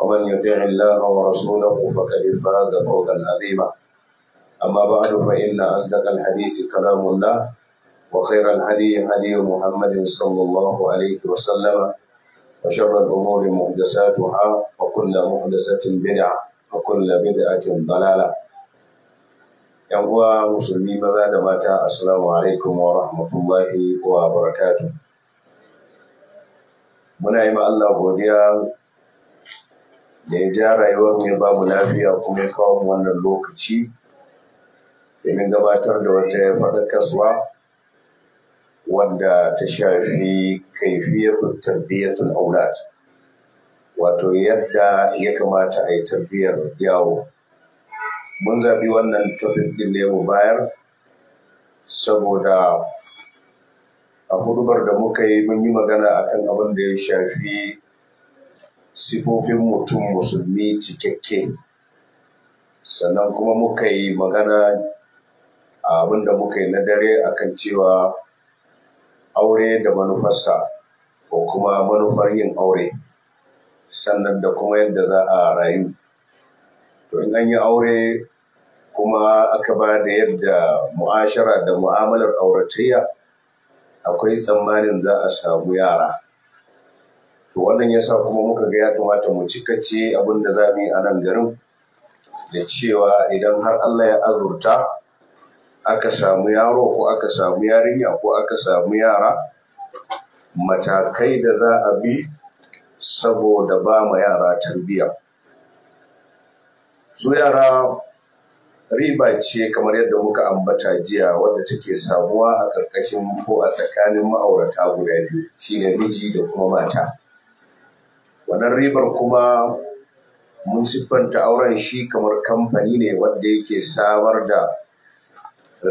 ومن يطع الله ورسوله فقد فاز فوزا عظيما أما بعد فإن أصدق الحديث كلام الله وخير الهدي هدي محمد صلى الله عليه وسلم وشر الأمور محدثاتها وكل محدثة بدعة وكل بدعة ضلالة ‘Yan uwa musulmi maza da mata, Assalamu alaikum wa rahmatullahi wa barakatu. Muna yi ma Allah godiya da ya ja rayuwar mu ya ba mu lafiya kuma ya kawo mu wannan lokaci domin gabatar da wata kasuwa wanda ta shafi kaifiyatul tarbiyyatul aulad wato yadda ya kamata a yi tarbiyyar yawo mun zaɓi wannan topic ɗin ne mu bayar saboda a hudubar da muka yi mun yi magana akan abin da ya shafi sifofin mutum musulmi cikakke sannan kuma muka yi magana abin da muka yi na dare akan cewa aure da manufarsa ko kuma manufar yin aure sannan da kuma yadda za a rayu to in an yi aure kuma aka ba da yadda mu'ashara da mu'amalar auratayya akwai tsammanin za a samu yara to wannan ya sa kuma muka ga ya kamata mu cikace abin da za mu yi a nan garin da cewa idan har Allah ya azurta aka samu yaro ko aka samu yarinya ko aka samu yara matakai da za a bi saboda ba ma yara tarbiyya su yara riba ce kamar yadda muka ambata jiya wadda take samuwa a ƙarƙashin ko a tsakanin ma'aurata guda biyu shine miji da kuma mata wannan ribar kuma mun siffanta auren shi kamar kamfani ne wanda yake samar da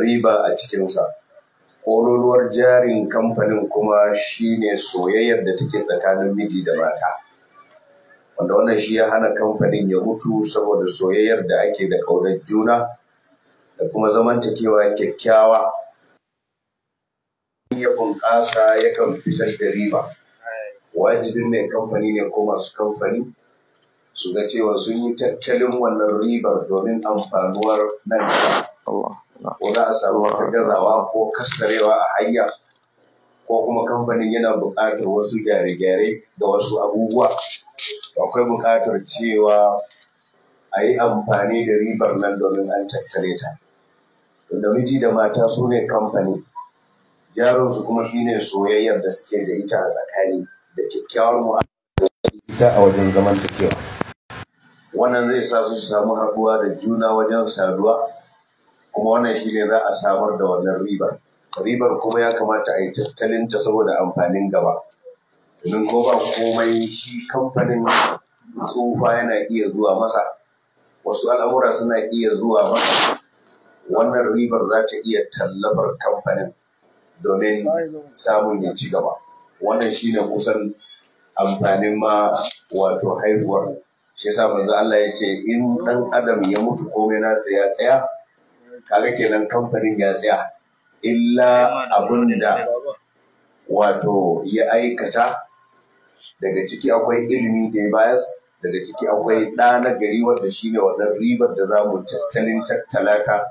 riba a cikinsa ƙololuwar jarin kamfanin kuma shi ne soyayyar da take tsakanin miji da mata wanda wannan shi ya hana kamfanin ya mutu saboda soyayyar da ake da ƙaunar juna da kuma zamantakewa kyakkyawa ya bunƙasa yakan fitar da riba wajibin mai kamfani ne ko masu kamfani su ga cewa sun yi tattalin wannan ribar domin amfanuwar nan ko za a samu gazawa ko kasarewa a hanya ko kuma kamfanin yana buƙatar wasu gyare-gyare da wasu abubuwa akwai buƙatar cewa a yi amfani da ribar nan domin an tattare ta da miji da mata su ne kamfani jarinsu kuma shine soyayyar da suke da ita a tsakani da kyakkyawar mu'amala ita a wajen zaman zamantakewa wannan zai sa su samu haɗuwa da juna wajen saduwa kuma wannan shi ne za a samar da wannan ribar ribar kuma ya kamata a yi tattalin ta saboda amfanin gaba domin ko ba komai shi kamfanin tsufa yana iya zuwa masa wasu al'amura suna iya zuwa masa wannan ribar za ta iya tallafar kamfanin domin samun ya ci gaba wannan shine kusan amfanin ma wato haihuwar shi sa manzo Allah ya ce in dan adam ya mutu komai nasa ya tsaya kaga kenan kamfanin ya tsaya illa abun da wato ya aikata daga ciki akwai ilimi da ya bayas daga ciki akwai ɗa na gari wanda shi ne wannan ribar da za mu tattalin tattalata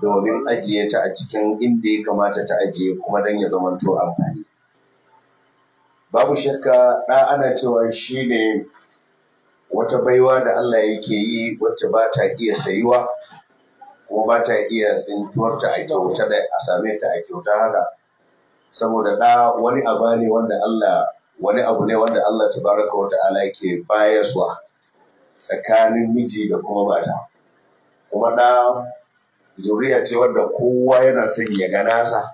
domin ajiye ta a cikin inda ya kamata ta ajiye kuma dan ya zamanto amfani babu shakka 'da ana cewa shi ne wata baiwa da Allah yake yi wacce ba ta iya sayuwa kuma ba ta iya zintuwar ta a kyauta da a same ta a kyauta haka saboda 'da, wani abu ne wanda Allah wani abu ne wanda Allah tabaraka wa ta'ala ke bayaswa tsakanin miji da kuma mata kuma 'da, zuriya ce wanda kowa yana son ya ga nasa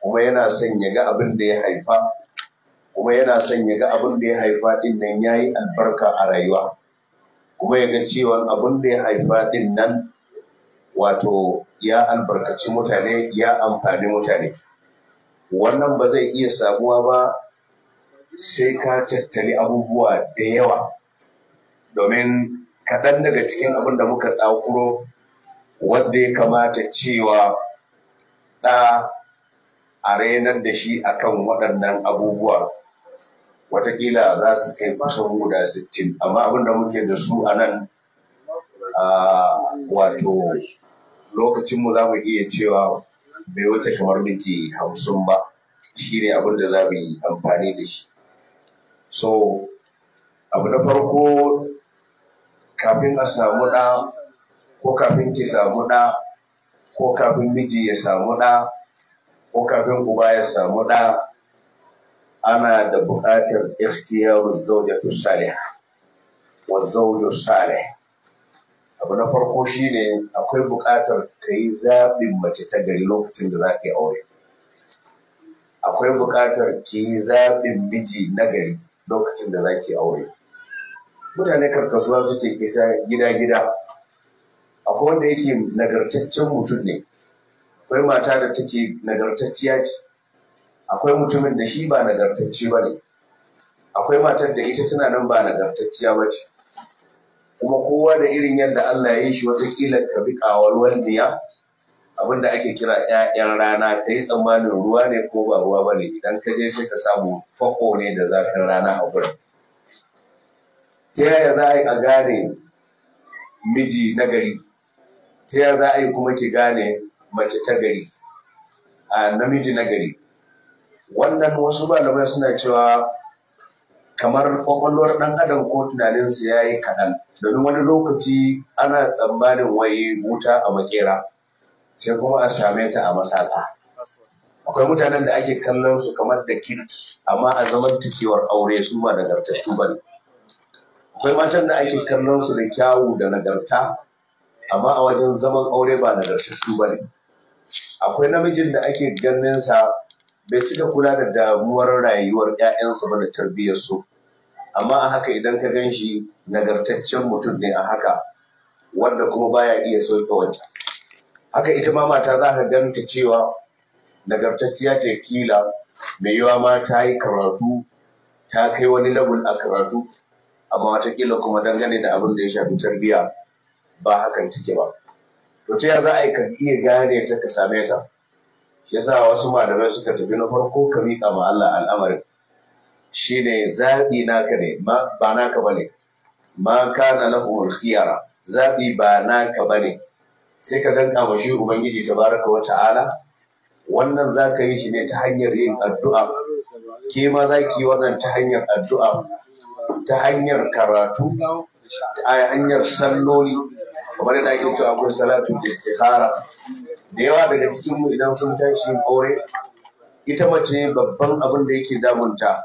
kuma yana son ya ga abin da ya haifa kuma yana son ya ga abin da ya haifa din nan ya yi albarka a rayuwa kuma ya ga cewa abin da ya haifa din nan wato ya albarkaci mutane ya amfani mutane wannan ba zai iya samuwa ba sai ka tattali abubuwa da yawa domin kaɗan daga cikin abin da muka tsakuro wanda ya kamata cewa ɗa a renar da shi akan waɗannan abubuwa watakila za su kai kusan guda sittin amma abin da muke da su a nan wato lokacinmu za mu iya cewa bai wuce kamar miki hamsin ba shi ne abin da za mu yi amfani da shi so abu na farko kafin a samu ɗa ko kafin ki samu ɗa ko kafin miji ya samu ɗa ko kafin uba ya samu ɗa ana da buƙatar ikhtiyar zaujatu salihah wa zauju sare abu na farko shine akwai buƙatar ka yi zaɓin mace ta gari lokacin da za ka yi aure akwai buƙatar ki yi zaɓin miji na gari lokacin da za ki aure mutane karkasuwa suke kisa gida-gida akwai wanda yake nagartaccen mutum ne akwai mata da take nagartacciya ce akwai mutumin da shi ba nagartacce ba ne akwai matar da ita tana nan ba nagartacciya ba ce kuma kowa da irin yadda Allah ya yi shi watakila ka bi kawalwal niya abinda ake kira 'ya'yan rana ka yi tsammanin ruwa ne ko ba ruwa ba ne idan ka je sai ka samu fako ne da zafin rana a gurin ta yaya za a yi a gane miji na gari ta yaya za a yi kuma ki gane mace ta gari a namiji na gari wannan wasu malamai suna cewa kamar kwakwalwar ɗan adam ko tunaninsu ya yi kaɗan domin wani lokaci ana tsammanin wai wuta a makera sai kuma a same ta a masaka akwai mutanen da ake kallon su kamar da kirki amma a zaman tukewar aure su ba nagartattu ba ne akwai matan da ake kallon su da kyawu da nagarta amma a wajen zaman aure ba nagartattu ba ne akwai namijin da ake ganin sa bai cika kula da damuwar rayuwar 'ya'yansa ba da tarbiyyarsu amma a haka idan ka gan shi nagartaccen mutum ne a haka wanda kuma baya iya sauƙa wancan haka ita ma mata za ka ganta cewa nagartacciya ce kila mai yawa ma ta yi karatu ta kai wani labul a karatu amma watakila kuma dangane da abin da ya shafi tarbiyya ba hakan take ba to ta za a yi ka iya gane ta ka same ta ya yasa wasu malamai suka tafi na farko ka miƙa ma Allah al'amarin Shi ne zaɓi naka ne ba naka bane ma na na khiyara zaɓi ba naka bane sai ka danka ma shi ubangiji tabaraka wa ta'ala wannan za ka yi shi ne ta hanyar yin addu'a ke ma za ki yi wannan ta hanyar addu'a ta hanyar karatu ta hanyar salloli kamar yadda ake cewa akwai salatu istikhara da yawa daga cikin mu idan sun tashi aure ita mace babban abin da yake damunta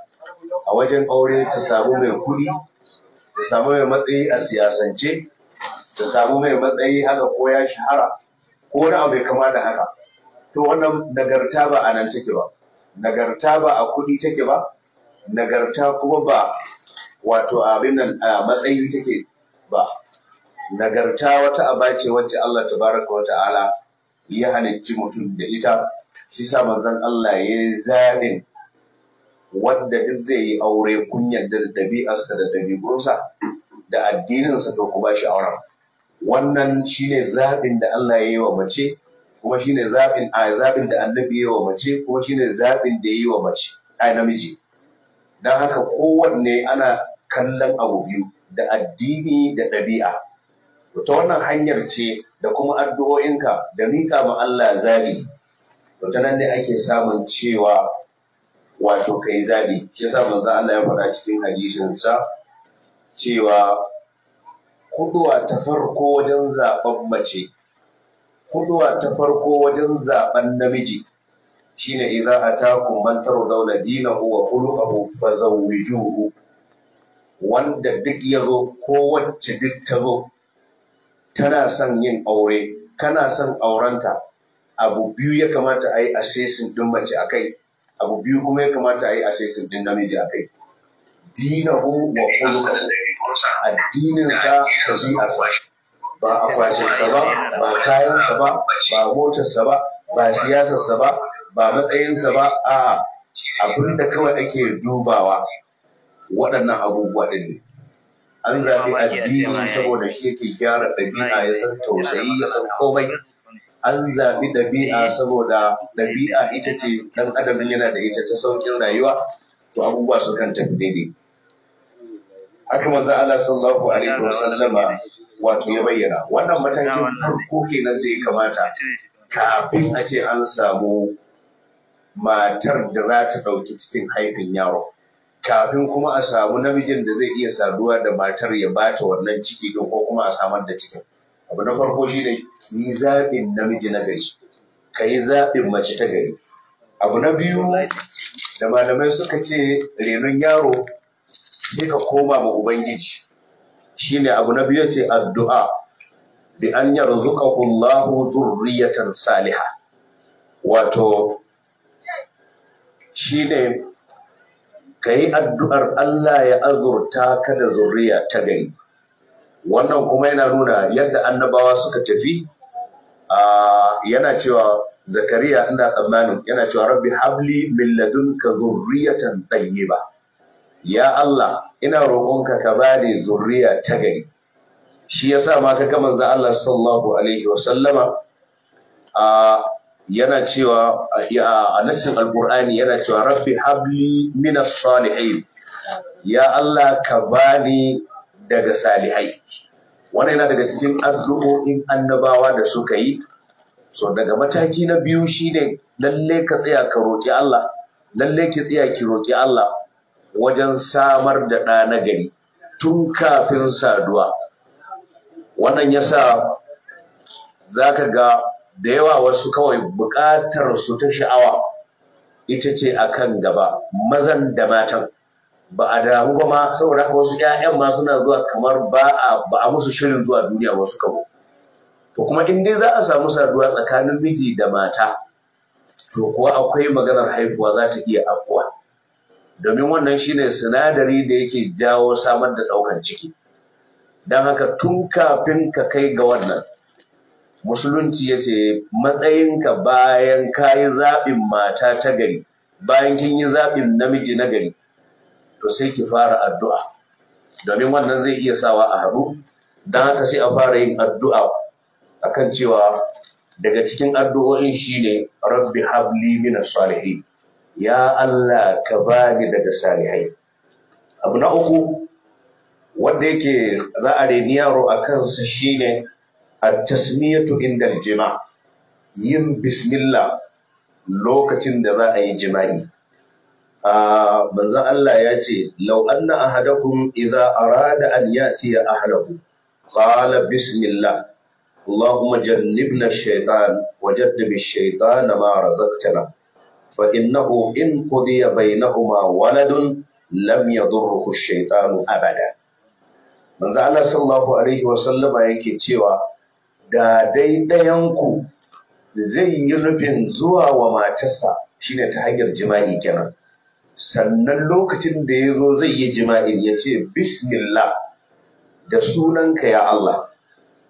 a wajen aure ta samu mai kuɗi ta samu mai matsayi a siyasance ta samu mai matsayi haka ko ya shahara ko wani abu kama da haka to wannan nagarta ba a nan take ba nagarta ba a kuɗi take ba nagarta kuma ba wato abin nan a matsayi take ba nagarta wata aba ce wacce Allah tabaraka wa ta'ala ya halicci mutum da ita shi sa manzon Allah ya yi zaɓin wanda duk zai yi aure kunyar da ɗabi'arsa da ɗabi'unsa da addininsa to ku ba shi auren wannan shi ne zaɓin da Allah ya yi wa mace kuma ne zaɓin a zaɓin da annabi ya yi wa mace kuma shi ne zaɓin da ya yi wa mace a namiji don haka kowanne ana kallon abu biyu da addini da ɗabi'a to wannan hanyar ce da kuma addu'o'inka da miƙa ma Allah zabi to ta nan ne ake samun cewa wato kai zabi shi yasa manzo Allah ya faɗa cikin hadisin sa cewa kuduwa ta farko wajen zaben mace kuduwa ta farko wajen zaben namiji shine idza atakum man tardawna dinahu wa khuluquhu fazawwijuhu wanda duk yazo ko wacce duk ta zo tana son yin aure kana son aurenta abu biyu ya kamata a yi assessing din mace a kai abu biyu kuma ya kamata a yi assessing din namiji a kai dinahu wa ka addininsa a kwashe, ba sa ba ba kayansa ba ba motarsa ba ba siyasarsa ba ba matsayinsa ba a abinda kawai ake dubawa waɗannan abubuwa ɗin ne an zaɓi addini saboda shi yake gyara ɗabi'a ya san tausayi ya san komai an zaɓi ɗabi'a eh. saboda ɗabi'a ita ce ɗan adamin yana da ita ta saukin rayuwa to abubuwa su kan tafi daidai haka manzo Allah sallallahu alaihi wasallama wato ya bayyana wannan matakin farko kenan da ya kamata kafin a ce an samu matar da za ta ɗauki cikin haifin yaro kafin kuma a samu namijin da zai iya saduwa da matar ya bata wannan ciki don ko kuma a samar da cikin abu na farko shi ne yi zaɓin namiji na gari ka yi zaɓin mace ta gari abu na biyu da malamai suka ce renon yaro sai ka koma ma ubangiji shi ne abu na biyu ce addu'a bi an yarzuqahu Allahu zurriyatar saliha wato shi ne ka yi addu'ar Allah ya azurta ka da zuriya ta gani. wannan kuma yana nuna yadda annabawa suka tafi yana cewa zakariya ina tsammanin yana cewa rabbi habli min ladunka zurriyatan ba. ya Allah ina roƙonka ka bani zurriya ta gani. shi yasa ma ka kamar za Allah sallallahu alaihi wa sallama yana cewa a nashin alkur'ani yana cewa rabbi habli minas salihin ya Allah ka bani daga salihai Wani yana daga cikin addu'o'in annabawa da suka yi so daga mataki na biyu shine lalle ka tsaya ka roƙi Allah lalle ki tsaya ki roki Allah wajen samar da ɗa na gari tun kafin saduwa wannan yasa zaka ga da yawa wasu kawai bukatar su ta sha'awa ita ce a kan gaba mazan da matan ba a damu ba ma saboda haka wasu 'ya'yan ma suna zuwa kamar ba a musu shirin zuwa duniya wasu kawo to kuma in dai za a samu saduwa tsakanin miji da mata to kuwa akwai maganar haihuwa za ta iya afkuwa domin wannan shine sinadari da yake jawo samar da ɗaukar ciki don haka tun kafin ka kai ga wannan musulunci ya ce matsayinka bayan ka yi zaɓin mata ta gari bayan kin yi zaɓin namiji na gari to sai ki fara addu'a domin wannan zai iya sawa a haɗu don haka sai a fara yin addu'a A kan cewa daga cikin addu'o'in shi ne rabbi habli mina salihai ya Allah ka bani daga salihai abu na uku wanda yake za a reniyaro yaro a kansa ne. at-tasmiyatu inda jima yin bismillah lokacin da za a yi jima'i a manzon Allah ya ce law anna ahadakum idza arada an yatiya ahlahu qala bismillah اللهم جنبنا الشيطان وجنب الشيطان ما رزقتنا فإنه إن قضي بينهما ولد لم يضره الشيطان أبدا من ذا الله صلى الله عليه وسلم يكي cewa da dai ɗayanku zai yi rufin zuwa wa matarsa ne ta hanyar jima'i kenan sannan lokacin da ya zo zai yi jima'i ya ce bismillah da sunanka ya Allah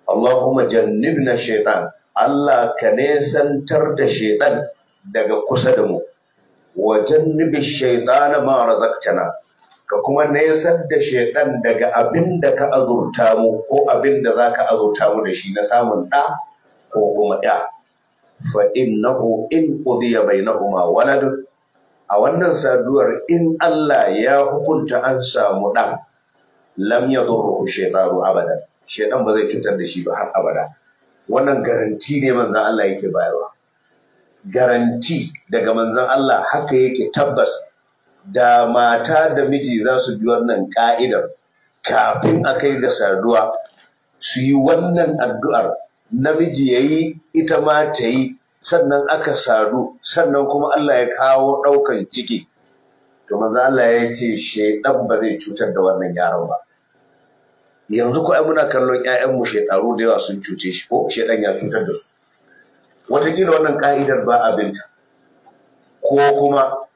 Allahumma jannibna shaitan Allah ka nesantar da shaitan daga kusa da mu wa jannibi shaitana ma razaqtana ka kuma nesar da shaidan daga abin da ka azurta mu ko abin da za ka azurta mu da shi na samun ɗa ko kuma ɗa fa innahu in qudiya bainahuma walad a wannan saduwar in Allah ya hukunta an samu ɗan lam yadurruhu shaytanu abada. shaidan ba zai cutar da shi ba har abada wannan garanti ne manzon Allah yake bayarwa garanti daga manzon Allah haka yake tabbas da mata da miji za su bi wannan ka'idar kafin a kai ga saduwa su yi wannan addu'ar namiji ya yi ita ma ta yi sannan aka sadu sannan kuma Allah ya kawo ɗaukar ciki to maza Allah ya ce shaidan ba zai cutar da wannan yaron ba yanzu ko muna kallon ƴaƴanmu shaidaru da yawa sun cuce shi ko shaidan ya cutar da su wataƙila wannan ka'idar ba abinta ko kuma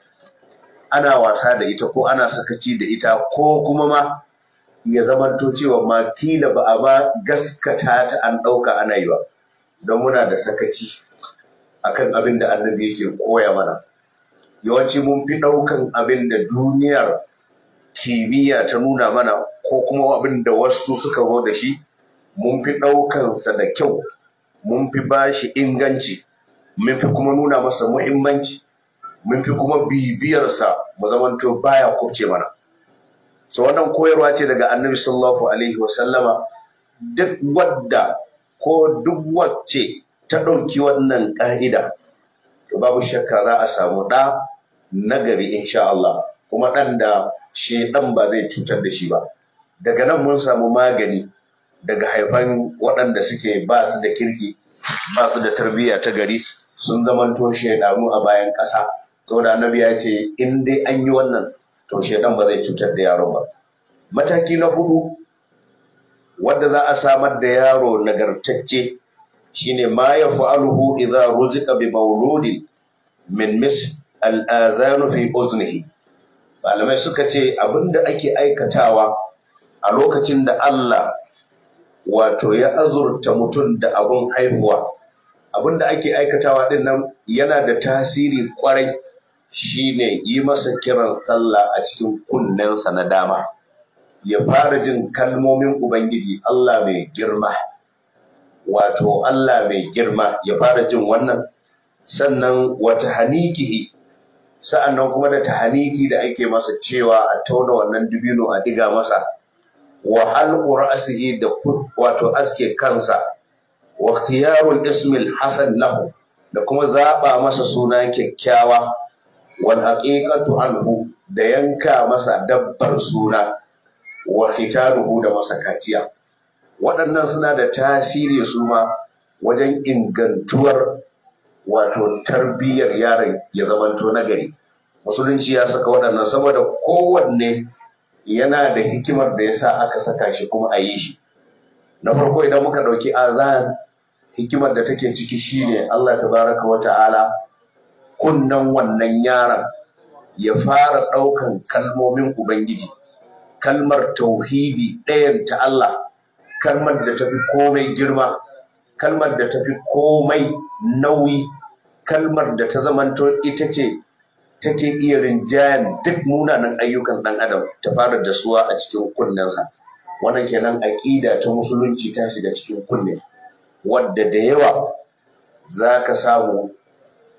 ana wasa da ita ko ana sakaci da ita ko kuma ma ya zamanto cewa ma kila ba a ba gaskata ta an ɗauka ana yi ba don muna da sakaci akan abin da annabi yake koya mana yawanci mun fi ɗaukan abin da duniyar kimiyya ta nuna mana ko kuma abin da wasu suka zo da shi mun fi ɗaukansa da kyau mun fi ba shi inganci mun fi kuma nuna masa muhimmanci mun fi kuma bibiyarsa mu zamanto baya kubce mana so wannan koyarwa ce daga annabi sallallahu alaihi wasallama duk wadda ko duk wacce ta ɗauki wannan ƙa'ida to babu shakka za a samu ɗa nagari insha Allah kuma ɗan da shi ɗan ba zai cutar da shi ba daga nan mun samu magani daga haifan waɗanda suke ba su da kirki ba su da tarbiyya ta gari sun zamanto shaidanu a bayan ƙasa saboda annabi ya ce in dai an yi wannan to shaidan ba zai cutar da yaro ba mataki na hudu wanda za a samar da yaro nagartacce shine ma ya fa'aluhu idza ruzika bi mauludin min mis al'azanu fi uznihi malamai suka ce abinda ake aikatawa a lokacin da Allah wato ya azurta mutum da abun haifuwa abinda ake aikatawa din nan yana da tasiri kwarai shine yi masa kiran sallah a cikin kunnensa na dama ya fara jin kalmomin ubangiji Allah mai girma wato Allah mai girma ya fara jin wannan sannan wata hanikihi sa'annan kuma da ta haniki da ake masa cewa a tauna wannan dubino a diga masa wa halqu da wato aske kansa wa ismil hasan lahu da kuma zaɓa masa suna kyakkyawa wal haqiqatu anhu da yanka masa dabbar suna wa khitanuhu da masa kaciya waɗannan suna da tasiri su ma wajen ingantuwar wato tarbiyyar yaron ya zamanto nagari musulunci ya saka waɗannan saboda kowanne yana da hikimar da ya sa aka saka shi kuma a yi shi na farko idan muka ɗauki azan hikimar da take ciki shine Allah tabaraka wa ta'ala kunnen wannan yaran ya fara ɗaukan kalmomin Ubangiji, kalmar tauhidi ɗayan ta Allah, kalmar da tafi komai girma, kalmar da tafi komai nauyi, kalmar da ta zamanto ita ce take iya rinjayen duk munanan ayyukan ɗan adam ta fara da suwa a cikin kunnensa. Wannan kenan aƙida ta musulunci ta shiga cikin kunne, wadda da yawa za ka samu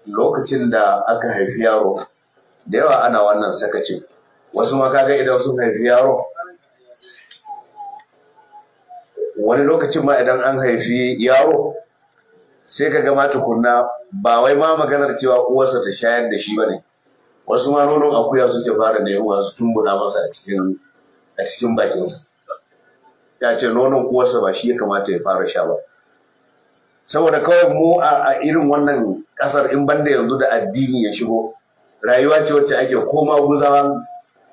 lokacin da aka haifi yaro da yawa ana wannan sakacin wasu ma kaga idan sun haifi yaro wani lokacin ma idan an haifi yaro sai ka gama tukunna ba wai ma maganar cewa uwarsa ta shayar da shi ba ne wasu ma nonon akuya suke fara da yawa su tumbuna masa a cikin a cikin bakinsa ya ce nonon uwarsa ba shi ya kamata ya fara sha ba saboda kawai mu a irin wannan kasar in banda yanzu da addini ya shigo rayuwa ce wacce ake koma guzawa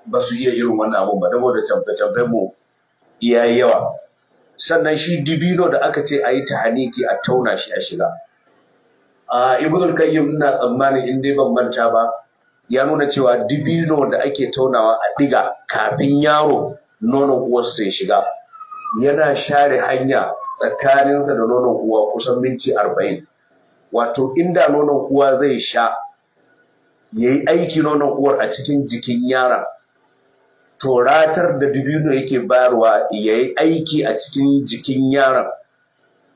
ba su iya irin wannan abun ba saboda canfe canfe mu iya yawa sannan shi dibino da aka ce a yi ta haniki a tauna shi a shiga a ibudul kayyim ina tsammanin in dai ban manta ba ya nuna cewa dibino da ake taunawa a diga kafin yaro nono uwarsa ya shiga yana share hanya tsakaninsa da nonon uwa kusan minti arba'in wato inda nonon uwa zai sha ya yi aiki nonon uwar a cikin jikin yara to ratar da dubino yake bayarwa ya yi aiki a cikin jikin ratar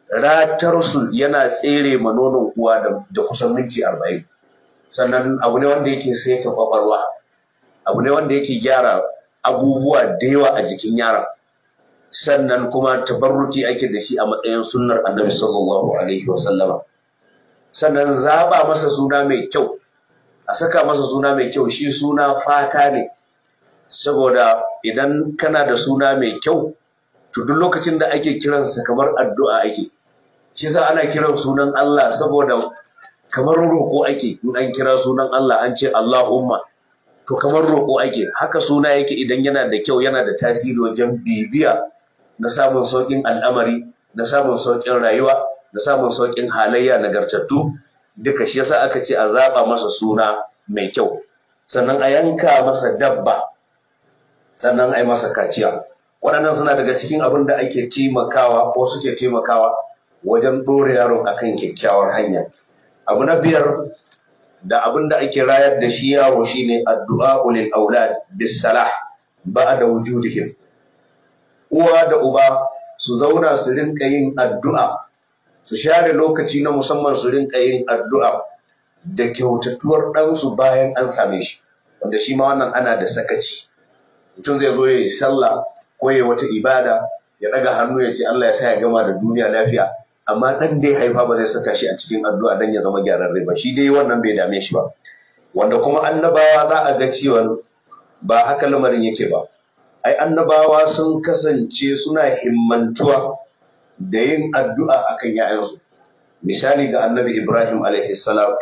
ratarsu yana tsere ma nonon uwa da kusan minti arba'in sannan abu ne wanda yake saita kwakwalwa abu ne wanda yake gyara abubuwa da yawa a jikin yaran. sannan kuma tabarruki ake da shi a matsayin sunnar annabi sallallahu alaihi wa sallama sannan zaba masa suna mai kyau a saka masa suna mai kyau shi suna fata ne saboda idan kana da suna mai kyau to duk lokacin da ake kiransa kamar addu'a ake shi yasa ana kiran sunan Allah saboda kamar roƙo ake in an kira sunan Allah an ce Allahumma to kamar roƙo ake haka suna yake idan yana da kyau yana da tasiri wajen bibiya da samun sauƙin al'amari da samun sauƙin rayuwa da samun sauƙin halayya nagartattu duka shi yasa aka ce a zaɓa masa suna mai kyau sannan a yanka masa dabba sannan a yi masa kaciya waɗannan suna daga cikin abin da ake taimakawa ko suke taimakawa wajen ɗora yaron akan kyakkyawar hanya abu na biyar da abin da ake rayar da shi yawo shine addu'a ulil aulad bis salah ba da wujudihim uwa da uba su zauna su rinka yin addu'a su share lokaci na musamman su rinka yin addu'a da kyautattuwar ɗansu bayan an same shi wanda shi ma wannan ana da sakaci mutum zai zo ya yi sallah ko ya wata ibada ya ɗaga hannu ya ce Allah ya sa ya gama da duniya lafiya amma ɗan da ya haifa ba zai saka shi a cikin addu'a dan ya zama gyararre ba shi dai wannan bai dame shi ba wanda kuma annabawa za a ga cewa ba haka lamarin yake ba ai annabawa sun kasance suna himmantuwa da yin addu'a akan ‘ya'yansu. Misali ga annabi Ibrahim salam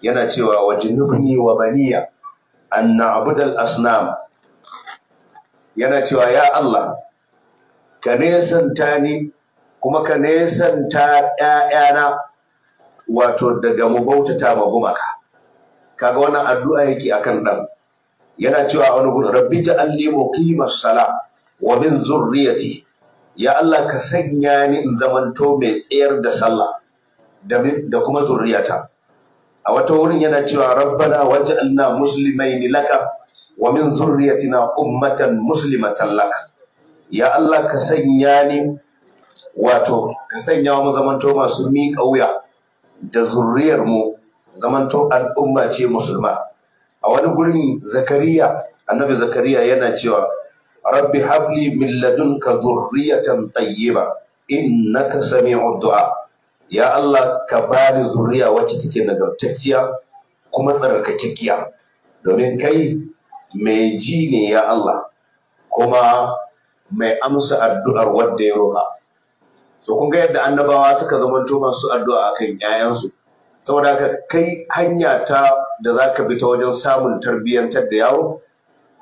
yana cewa wa jinubni wa baniya an na'budal asnam yana cewa ya Allah ka nesanta ni kuma ka nesanta ‘ya'yana wato daga mu bautata ma gumaka. Kaga wannan addu'a yake akan ɗan. yana cewa wani gudu rabbi an nemo kimar sala wa min zurriyati ya Allah ka sanya ni in zamanto mai tsayar da sallah da kuma zurriyata a wata wurin yana cewa rabbana waj'alna muslimaini laka wa min zurriyatina ummatan muslimatan laka ya Allah ka sanya ni wato ka sanya mu zamanto masu miƙa wuya da zurriyar mu zamanto al'umma ce musulma a wani gurin zakariya annabi zakariya yana cewa rabbi habli min ladunka zurriyatan tayyiba innaka sami'ud du'a ya Allah ka bani zuriya wacce take nagartacciya kuma tsarkakekkiya domin kai mai ji ne ya Allah kuma mai amsa addu'ar wanda ya roƙa so kun ga yadda annabawa suka zama masu addu'a akan 'ya'yansu saboda haka kai hanya ta da za ka bi ta wajen samun tarbiyyantar da yawo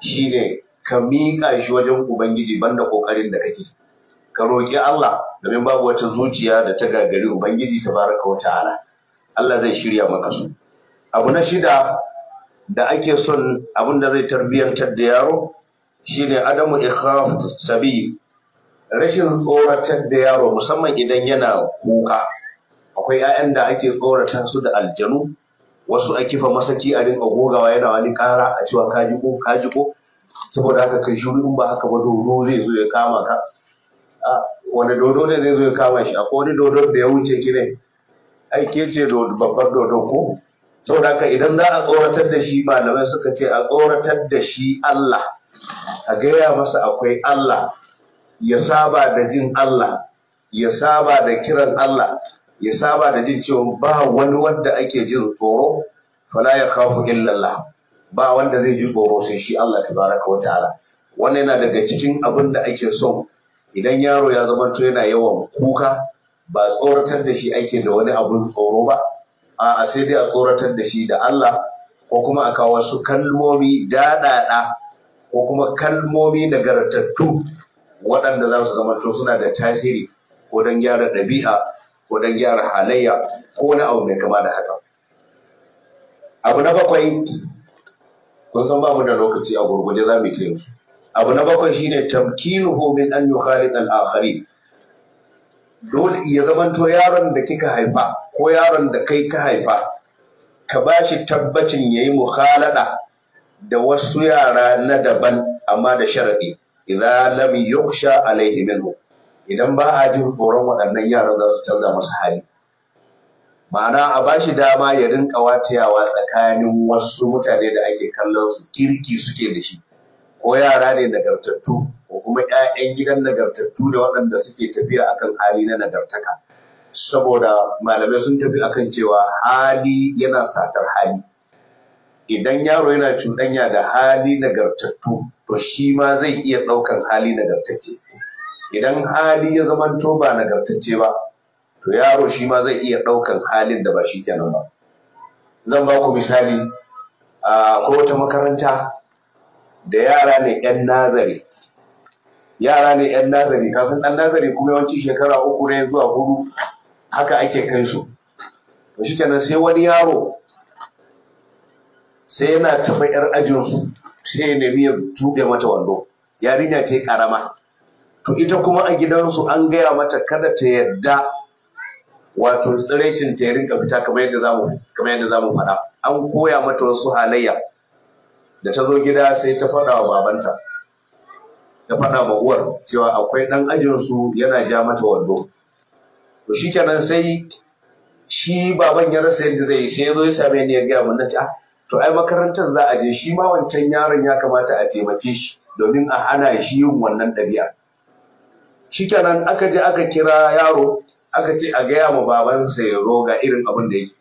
shine ka miƙa shi wajen ubangiji banda ƙoƙarin da kake ka roƙi Allah domin babu wata zuciya da ta gagari ubangiji baraka wa ta'ala Allah zai shirya maka su abu na shida da ake son abin da zai tarbiyyantar da yaro shine adamu ikhaf sabi rashin tsoratar da yaro musamman idan yana kuka akwai 'ya'yan da ake tsorata su da aljanu wasu a kifa masaki a dinga gogawa yana wani ƙara a cewa ka jiko ka jiko saboda haka kai shuru in ba haka ba dodo zai zo ya kama ka A wani dodo ne zai zo ya kama shi akwai wani dodo da ya wuce ki ne ai ke ce babban dodo ko saboda haka idan za a tsoratar da shi malamai suka ce a tsoratar da shi Allah a gaya masa akwai Allah ya saba da jin Allah ya saba da kiran Allah ya saba da jin cewa ba wani wanda ake jin tsoro fala ya khafu illallah ba wanda zai ji tsoro sai shi Allah tabaraka wa ta'ala wannan yana daga cikin abin da ake so idan yaro ya zama to yana yawan kuka ba tsoratar da shi ake da wani abun tsoro ba a sai dai a tsoratar da shi da Allah ko kuma a kawo wasu kalmomi daɗaɗa ko kuma kalmomi nagartattu waɗanda za su zama to suna da tasiri ko don gyara ɗabi'a ko don gyara halayya ko wani abu mai kama da haka abu na bakwai kun san babu da lokaci a gurguje za mu yi abu na bakwai shine tamkinu homin an yukhalid al akhari dole ya zamanto yaron da kika haifa ko yaron da kai ka haifa ka bashi tabbacin ya yayi mukhalada da wasu yara na daban amma da sharaɗi, idan lam yukhsha alaihi minhu idan ba a jin tsoron waɗannan yaran za su canza masa hali ma'ana a ba shi dama ya rinka watayawa tsakanin wasu mutane da ake kallon su kirki suke da shi ko yara ne nagartattu ko kuma 'ya'yan gidan nagartattu da waɗanda suke tafiya akan hali na nagartaka saboda malamai sun tafi akan cewa hali yana satar hali idan yaro yana cuɗanya da hali nagartattu to shi ma zai iya ɗaukan hali nagartacce idan hali ya zamanto ba nagartacce ba to yaro shi ma zai iya ɗaukan halin da ba shi kenan ba zan ba ku misali a wata makaranta da yara ne 'yan nazari yara ne 'yan nazari kasan ɗan nazari kuma yawanci shekara uku ne zuwa hudu haka ake kai su Ba shi kenan sai wani yaro sai yana tafa 'yar ajinsu sai ya nemi ya tuɓe mata wando yarinya ce karama to ita kuma a gidansu an gaya mata kada ta yadda wato tsiraicin ta rinka fita kamar yadda zamu faɗa an koya mata wasu halayya da ta zo gida sai ta faɗa wa babanta ta faɗa wa uwar cewa akwai ɗan ajinsu yana ja mata wando to shi kenan sai shi baban ya rasa yadda zai sai ya zo ya same ni ya gaya mun na ta? Ah, to ai makarantar za a je shi ma wancan yaron ya kamata a taimake shi domin a hana shi yin wannan ɗabi'a shikenan aka je aka kira yaro aka ce a gaya ma babansa ya zo ga irin abin da yake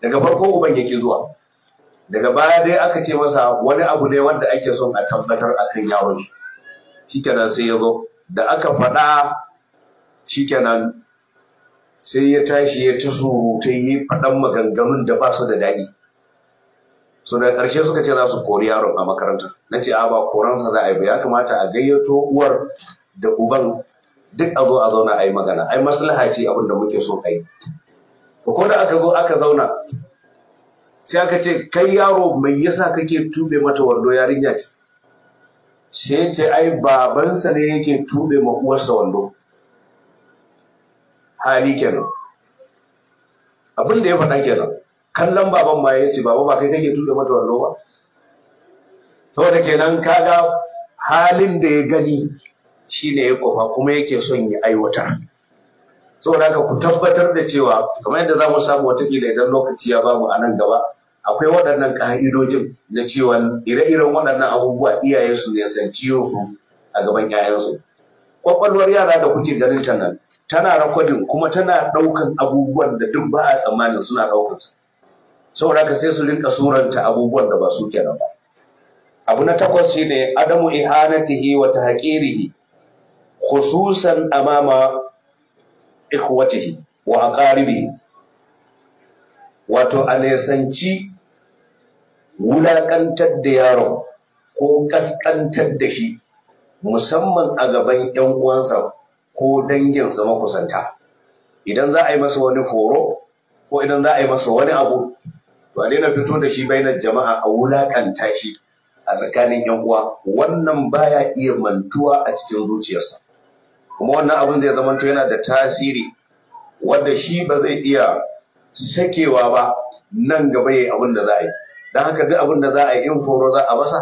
daga farko uban yake zuwa daga baya dai aka ce masa wani abu ne wanda ake son a tabbatar a kan yaron shi shikenan sai ya zo da aka faɗa shikenan sai ya tashi ya ci surutai yi faɗan maganganun da ba su da daɗi so da ƙarshe suka ce za su kori yaron a makaranta na ce a ba koransa za a yi ya kamata a gayyato uwar da uban duk a zo a zauna a yi magana ai maslaha ce abin da muke so a yi ko da aka zo aka zauna sai aka ce kai yaro mai yasa kake tube mata wando yarinya ce sai ce ai babansa ne yake tube ma uwarsa wando hali kenan abin da ya faɗa kenan kallon baban ma ya ce baba ba kai kake tube mata wando ba saboda kenan kaga halin da ya gani shine ya kwafa kuma yake son ya aiwatar saboda haka ku tabbatar da cewa kamar yadda za mu samu watakila idan lokaci ya babu a nan gaba akwai waɗannan ka'idojin na cewa ire-iren waɗannan abubuwa iyaye su ne san ciyo su a gaban 'ya'yansu kwakwalwar yara da kuke ganin ta nan tana rakodin kuma tana ɗaukan abubuwan da duk ba a tsammanin suna ɗaukan su saboda haka sai su rinka suranta abubuwan da ba su kenan ba abu na takwas shine adamu ihanatihi wa tahqirihi khususan amama ikhwatihi wa wato a nesanci wulaƙantar da yaron ko ƙasƙantar da shi musamman a gaban 'yan uwansa ko danginsa makusanta idan za a yi masa wani foro ko idan za a yi masa wani abu to daina fito da shi bainar jama'a a wulaƙanta shi a tsakanin 'yan uwa wannan baya iya mantuwa a cikin zuciyarsa kuma wannan abin zai zamanto yana da tasiri wadda shi ba zai iya sakewa ba nan gaba yayi abin da za a yi don haka duk abin da za a yi in horo za a masa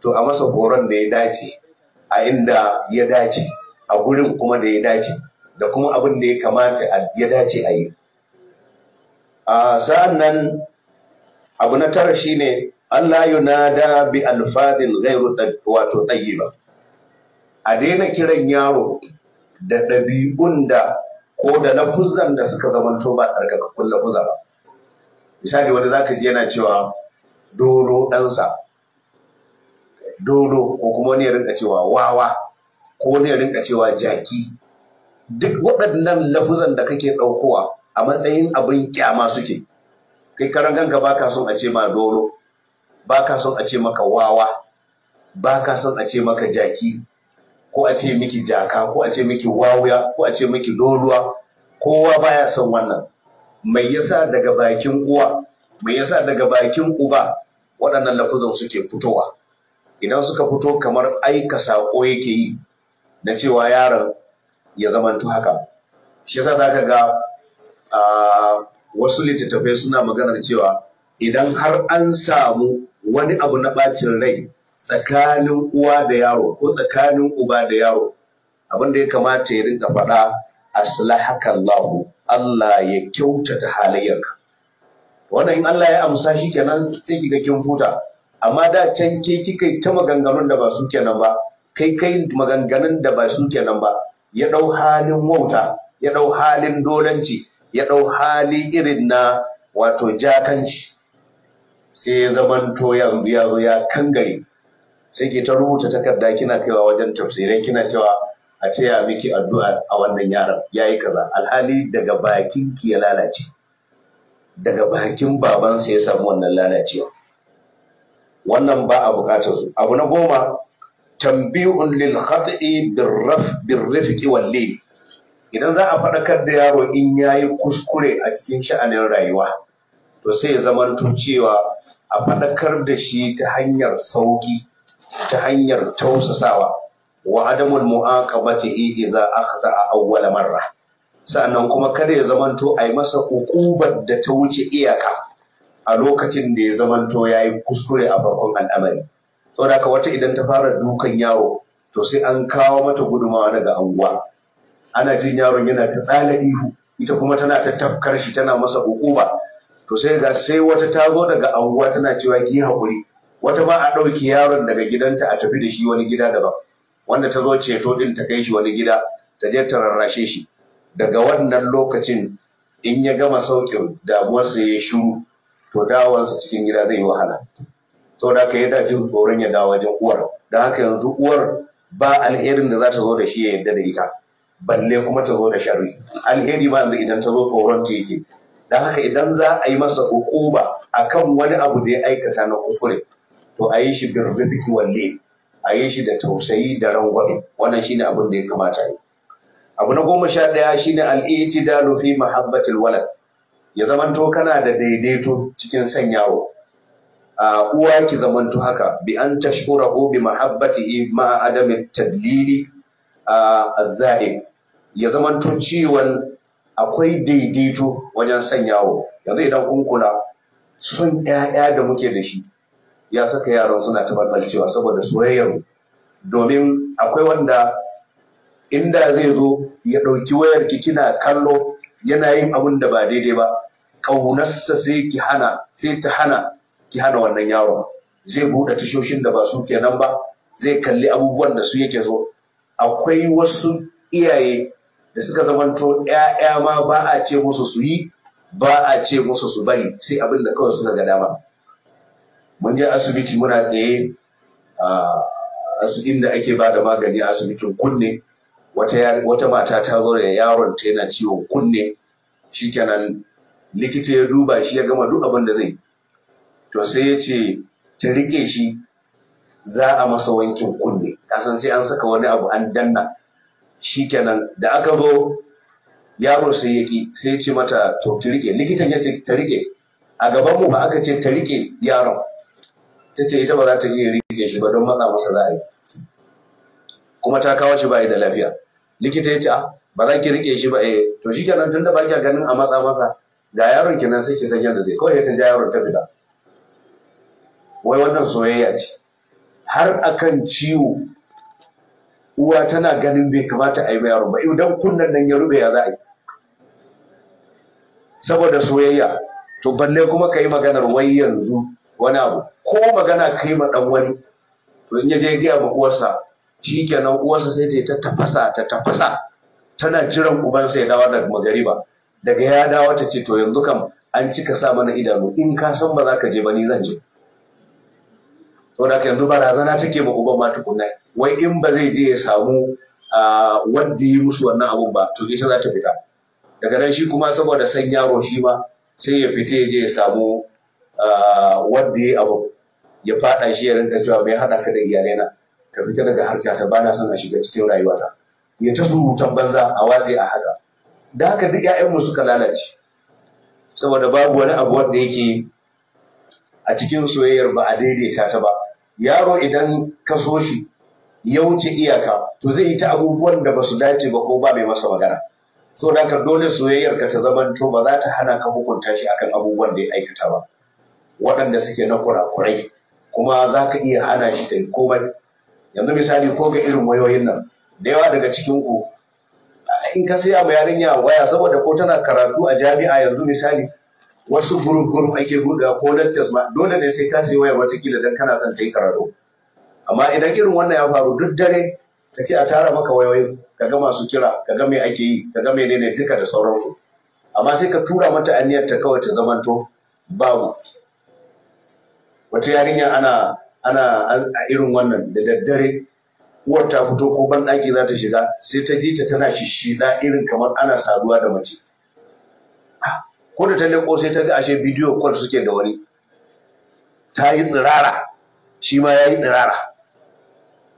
to a masa horon da ya dace a inda ya dace a gurin kuma da ya dace da kuma abin da ya kamata ya dace a yi a sa'an abu na tara shine Allah da bi alfadin gairu wato tsayi ba. a daina kiran yaro da ɗabi'un da ko da lafuzan da suka zamanto ba tsarkakakkun lafuza ba misali wani zaka ji yana cewa doro ɗansa dolo ko kuma wani ya rinka cewa wawa ko wani ya rinka cewa jaki duk waɗannan lafuzan da kake ɗaukowa a matsayin abin kyama suke kai karan kanka ba ka son a ce ma doro, ba ka son a ce maka wawa ba ka son a ce maka jaki ko a ce miki jaka ko a ce miki wawuya ko a ce miki doluwa kowa baya son wannan mai yasa daga bakin uwa mai yasa daga bakin uba waɗannan lafuzan suke fitowa idan suka fito kamar aika sako yake yi na cewa yaron ya zamantu haka shi yasa za ka ga wasu littattafai suna maganar cewa idan har an samu wani abu na ɓacin rai tsakanin uwa da yaro ko tsakanin uba da yaro abin da ya kamata ya rinka faɗa aslahakallahu Allah ya kyautata halayyarka wannan in Allah ya amsa shi kenan sai kiga kin huta amma da can ke kika ta maganganun da ba su kenan ba kai kai maganganun da ba su kenan ba ya dau halin wauta ya dau halin dolanci ya dau hali irin na wato jakanci sai ya zamanto yanzu ya zo ya kangare sai ke ta rubuta takarda kina kaiwa wajen tafsirai kina cewa a taya miki addu'a a wannan yaron yayi kaza alhali daga bakin ki ya lalace daga bakin babansa ya samu wannan lalacewa wannan ba a bukatar su abu na goma tambi'un lil khati'i wal layl idan za a faɗakar da yaro in yayi kuskure a cikin sha'anin rayuwa to sai ya tun cewa a faɗakar da shi ta hanyar sauki ta hanyar tausasawa wa adamul mu'aqabatihi idza akhta awwal marra sannan kuma kada ya zamanto ai masa hukubar da ta wuce iyaka a lokacin da ya zamanto yayi kuskure a farkon al'amari da ka wata idan ta fara dukan yaro, to sai an kawo mata gudumawa daga anguwa ana jin yaron yana ta tsala ihu ita kuma tana ta tafkar shi tana masa hukuba to sai ga sai wata ta zo daga anguwa tana cewa ki haƙuri wata ba a ɗauki yaron daga gidanta a tafi da shi wani gida daban wanda ta zo ceto ɗin ta kai shi wani gida ta je ta rarrashe shi daga wannan lokacin in ya gama saukin damuwarsa ya shuru to dawansa cikin gida zai yi wahala to da ka da jin tsoron ya dawo wajen uwar don haka yanzu uwar ba alherin da za ta zo da shi ya yarda da ita balle kuma ta zo da sharri alheri ba yanzu idan ta zo tsoron ta yake don haka idan za a yi masa hukuma akan wani abu da ya aikata na kuskure to a yi shi bi walle a yi shi da tausayi da rangwame wannan shine abin da ya kamata yi abu na goma sha ɗaya shine al-i'tidalu fi mahabbatil walad ya zamanto kana da daidaito cikin son yawo a uwa ki zamanto haka bi an tashkurahu bi mahabbatihi ma adami tadlili az-za'id ya zamanto ciwon akwai daidaito wajen son yawo yanzu idan kun kula sun ƴaƴa da muke da shi ya saka yaran suna cewa saboda soyayyar domin akwai wanda inda zai zo ya ɗauki wayar ki kina kallo yana yin abin da ba daidai ba ƙaunarsa sai ki hana sai ta hana ki hana wannan yaro zai buɗe tashoshin da ba su kenan ba zai kalli abubuwan da su yake so akwai wasu iyaye da suka zamanto ‘ya'ya ma ba a ce musu su yi ba a ce musu su bari sai abin da kawai suka ga dama mun je asibiti muna tsaye a inda ake ba da magani a asibitin kunne wata mata ta zo da yaron ta yana ciwon kunne shikenan likita ya duba shi ya gama duk abin da zai to sai ya ce ta rike shi za a masa wankin kunne kasan sai an saka wani abu an danna shikenan da aka zo yaron sai ya ki sai ya ce mata to ta rike likitan ya ce ta rike a gaban mu ba aka ce ta rike yaron ta ce ita ba za ta iya rike shi ba don matsa masa za a yi kuma ta kawo shi ba da lafiya likita ya ce a ah, ba za ki rike shi ba eh to shi kenan da ba kya ganin a matsa masa ga yaron kenan nan sai ki san yadda zai kawai ta ja yaron ta fita wai wannan soyayya ce har akan ciwo uwa tana ganin bai kamata a yi ba yaron ba idan kunnan nan ya rube ya za a yi saboda soyayya to balle kuma ka yi maganar wai yanzu wani abu ko magana kai ma dan wani to in ya je gaya ma uwarsa shikenan uwarsa sai ta tafasa ta tafasa tana jiran ubansa ya dawo daga magariba daga ya dawo ta ce to yanzu kam an cika sa mana idanu in ka san ba za ka je ba ni zan je to da yanzu barazana take ma uban ma tukunna wai in ba zai je ya samu wanda yi musu wannan abun ba to ita za ta fita daga nan shi kuma saboda san yaro shi ma sai ya fita ya je ya samu Ah, wanda ya abu ya fada shi ya rinka cewa bai hada ka da iyalaina ka fita daga harka ta bana son a shiga cikin rayuwata ya ta surutan banza a waje a haka da haka duk ƴaƴanmu suka lalace saboda babu wani abu wanda yake a cikin soyayyar ba a daidaita ta ba yaro idan ka so shi ya wuce iyaka to zai yi ta abubuwan da ba su dace ba ko ba mai masa magana so da haka dole soyayyar ka ta zamanto ba za ta hana ka hukunta shi akan abubuwan da ya aikata ba waɗanda suke na kurakurai kuma za ka iya hana shi ta yi komai yanzu misali ko ga irin wayoyin nan da yawa daga cikin ku in ka siya ma yarinya waya saboda ko tana karatu a jami'a yanzu misali wasu gurup ake buɗa ko lectures ma dole ne sai ka siya waya watakila dan kana son ta yi karatu amma idan irin wannan ya faru duk dare ka ce a tara maka wayoyin ka ga masu kira ka ga me ake yi ka ga menene duka da sauransu amma sai ka tura mata aniyar ta kawai ta zamanto babu wata yarinya ana ana a irin wannan da daddare uwar ta fito ko ban ɗaki za ta shiga sai ta ji ta tana shishida irin kamar ana saduwa da mace ah, ko da ta leko sai ta ga ashe bidiyo kwal suke da wani ta yi tsirara shi ma ya yi tsirara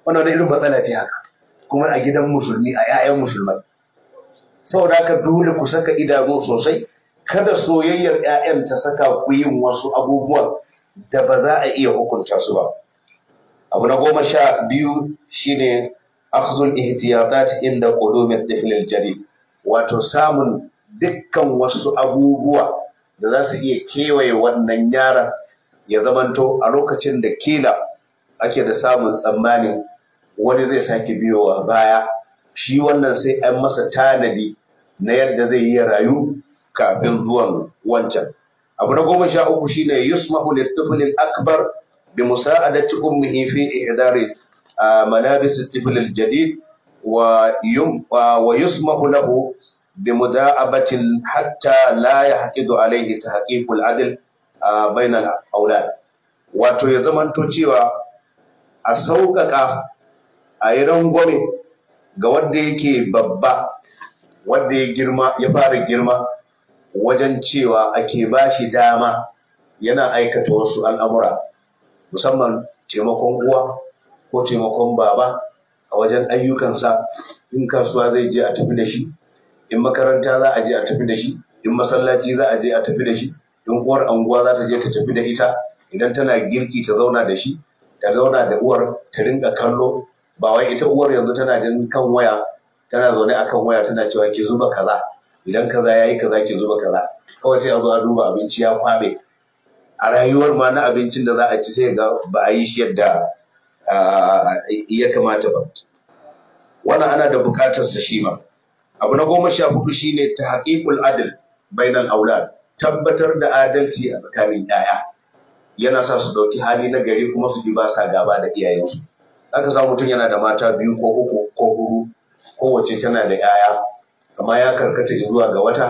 wannan wani irin matsala ce haka kuma a gidan musulmi a 'ya'yan musulmai saboda haka dole ku saka idanu sosai kada soyayyar 'ya'yan ta saka ku yin wasu abubuwan da ba za a iya hukunta su ba abu na goma sha biyu shi shine akhzul ihtiyadat inda qudumi ad-difl wato samun dukkan wasu abubuwa da za su iya kewaye wannan yaran ya zamanto a lokacin da kila ake da samun tsammani wani zai sake biyowa baya shi wannan sai an masa tanadi na yadda zai yi rayu kafin zuwan wancan abu na goma sha uku shine yusmahu litifl akbar bi musa'adati ummihi fi ihdari malabis at-tifl jadid wa yum wa yusmahu lahu bi muda'abatin hatta la yahqidu alayhi tahqiqul adl bainal aulad wato ya zamanto cewa a sauƙaƙa a yi rangwame ga wanda yake babba wanda ya girma ya fara girma wajen cewa ake ba shi dama yana aikata wasu al'amura musamman taimakon uwa ko taimakon baba a wajen ayyukansa in kasuwa zai je a tafi da shi in makaranta za a je a tafi da shi in masallaci za a je a tafi da shi in uwar anguwa za ta je ta tafi da ita idan tana girki ta zauna da shi ta zauna da uwar ta rinka kallo ba wai ita uwar yanzu tana jin kan waya tana zaune a kan waya tana cewa ke zuba kaza idan kaza yayi kaza ki zuba kaza kawai sai a zo a duba abinci ya kwame a rayuwar ma na abincin da za a ci sai ga ba a yi shi yadda ya kamata ba wannan ana da bukatar sa shi ma abu na goma sha hudu shine haƙiƙul adl bainan aulad tabbatar da adalci a tsakanin yaya yana sa su ɗauki hali na gari kuma su ji ba sa gaba da iyayensu zaka samu mutum yana da mata biyu ko uku ko huɗu kowace tana da yaya amma ya karkata zuwa ga wata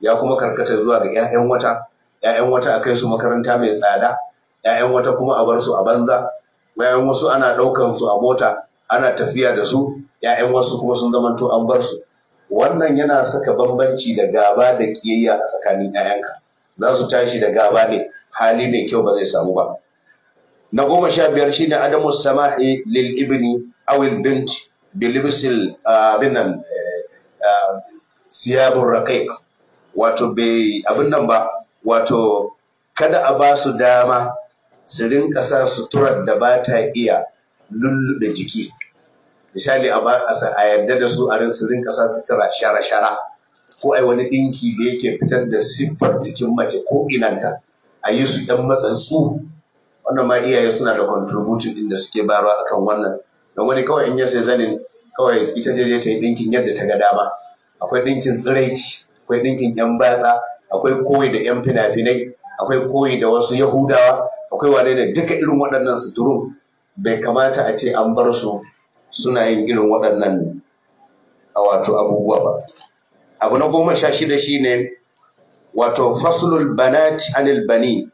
ya kuma karkata zuwa ga 'ya'yan wata 'ya'yan wata a kai su makaranta mai tsada 'ya'yan wata kuma a bar su a banza 'ya'yan wasu ana ɗaukan su a mota ana tafiya da su 'ya'yan wasu kuma sun to an bar su wannan yana saka bambanci da gaba da kiyayya a tsakanin 'ya'yanka za su tashi da gaba ne hali mai kyau ba zai samu ba na goma sha biyar shine adamu samahi lil ibni awil bint bilibisil ah, binan siyabun Rakai, wato bai abin nan ba wato kada a ba su dama su rinka sa suturar da ba ta iya lulluɗe jiki misali a ba a yarda da su a rin su rinka sa sutura shara-shara ko ai wani ɗinki da yake fitar da siffar jikin mace ko inanta a yi su ɗan matsatsu wannan ma iyaye suna da contributing ɗin da suke bayarwa akan wannan don wani kawai in yi sai zanin kawai ita je ta yi ɗinkin yadda ta ga dama akwai ɗinkin tsiraici akwai ɗinkin yan batsa akwai koyi da yan fina akwai koyi da wasu yahudawa akwai wane da duka irin waɗannan suturun bai kamata a ce an bar su suna yin irin waɗannan a wato abubuwa ba abu na goma sha shida shi ne, wato faslul banat anil bani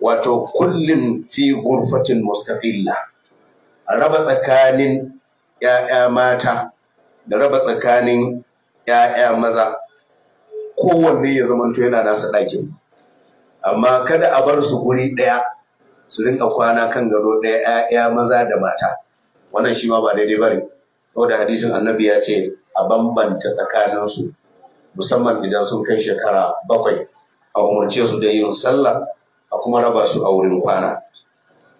wato kullum fi gurfatin mustaqilla raba tsakanin ‘ya'ya mata da raba tsakanin 'ya'ya maza kowanne ya zamanto yana nasa ɗakin amma kada a bar su guri ɗaya su rinka kwana kan gado ɗaya 'ya'ya maza da mata wannan shi ma ba daidai bane da hadisin annabi ya ce a bambanta tsakaninsu musamman idan sun kai shekara bakwai a umarce su da yin sallah a kuma raba su a wurin kwana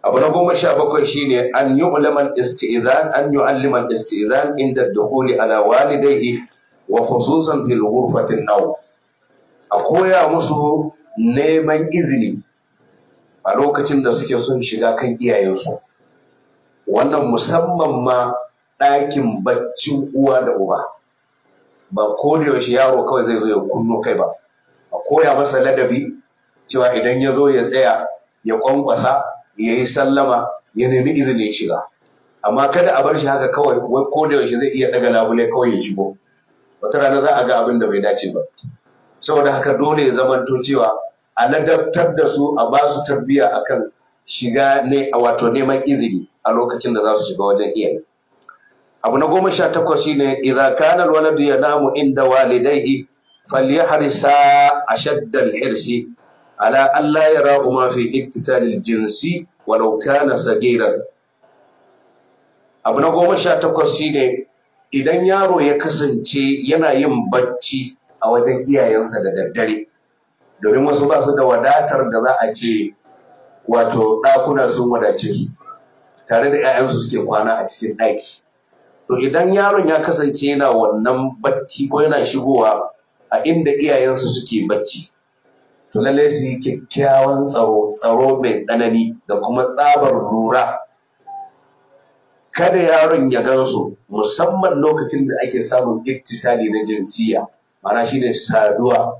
abu na goma sha bakwai shine an yi ulaman isti'izan an yi alliman isti'izan inda dukhuli ala walidaihi wa khususan fil ghurfatin naw a koya musu neman izini a lokacin da suke son shiga kan iyayensu wannan musamman ma ɗakin baccin uwa da uba ba ko da yaushe yaro kawai zai zo ya kunno kai ba a koya masa ladabi cewa idan ya zo ya tsaya ya kwankwasa ya yi sallama ya nemi izinin shiga amma kada a bar shi haka kawai ko da yaushe zai iya daga labule kawai ya shigo wata rana za a ga abin da bai dace ba saboda haka dole ya cewa a ladabtar da su a ba su tarbiyya akan shiga ne a wato neman izini a lokacin da za su shiga wajen iyaye abu na goma sha takwas shine kanar wani alwaladu yanamu inda harisa a shaddar alhirsi ala an la rahu ma fi jinsi walau kana sagiran abu na goma sha takwas shine idan yaro ya kasance yana yin bacci a wajen iyayensa da daddare domin wasu ba su da wadatar da za a ce wato ɗakuna sun wadace su tare da 'ya'yansu suke kwana a cikin ɗaki to idan yaron ya kasance yana wannan bacci ko yana shigowa a inda iyayensu suke bacci to lallai su yi kyakkyawan tsaro tsaro mai tsanani da kuma tsabar lura kada yaron ya gansu musamman lokacin da ake samun iktisali na jinsiya mana shi ne saduwa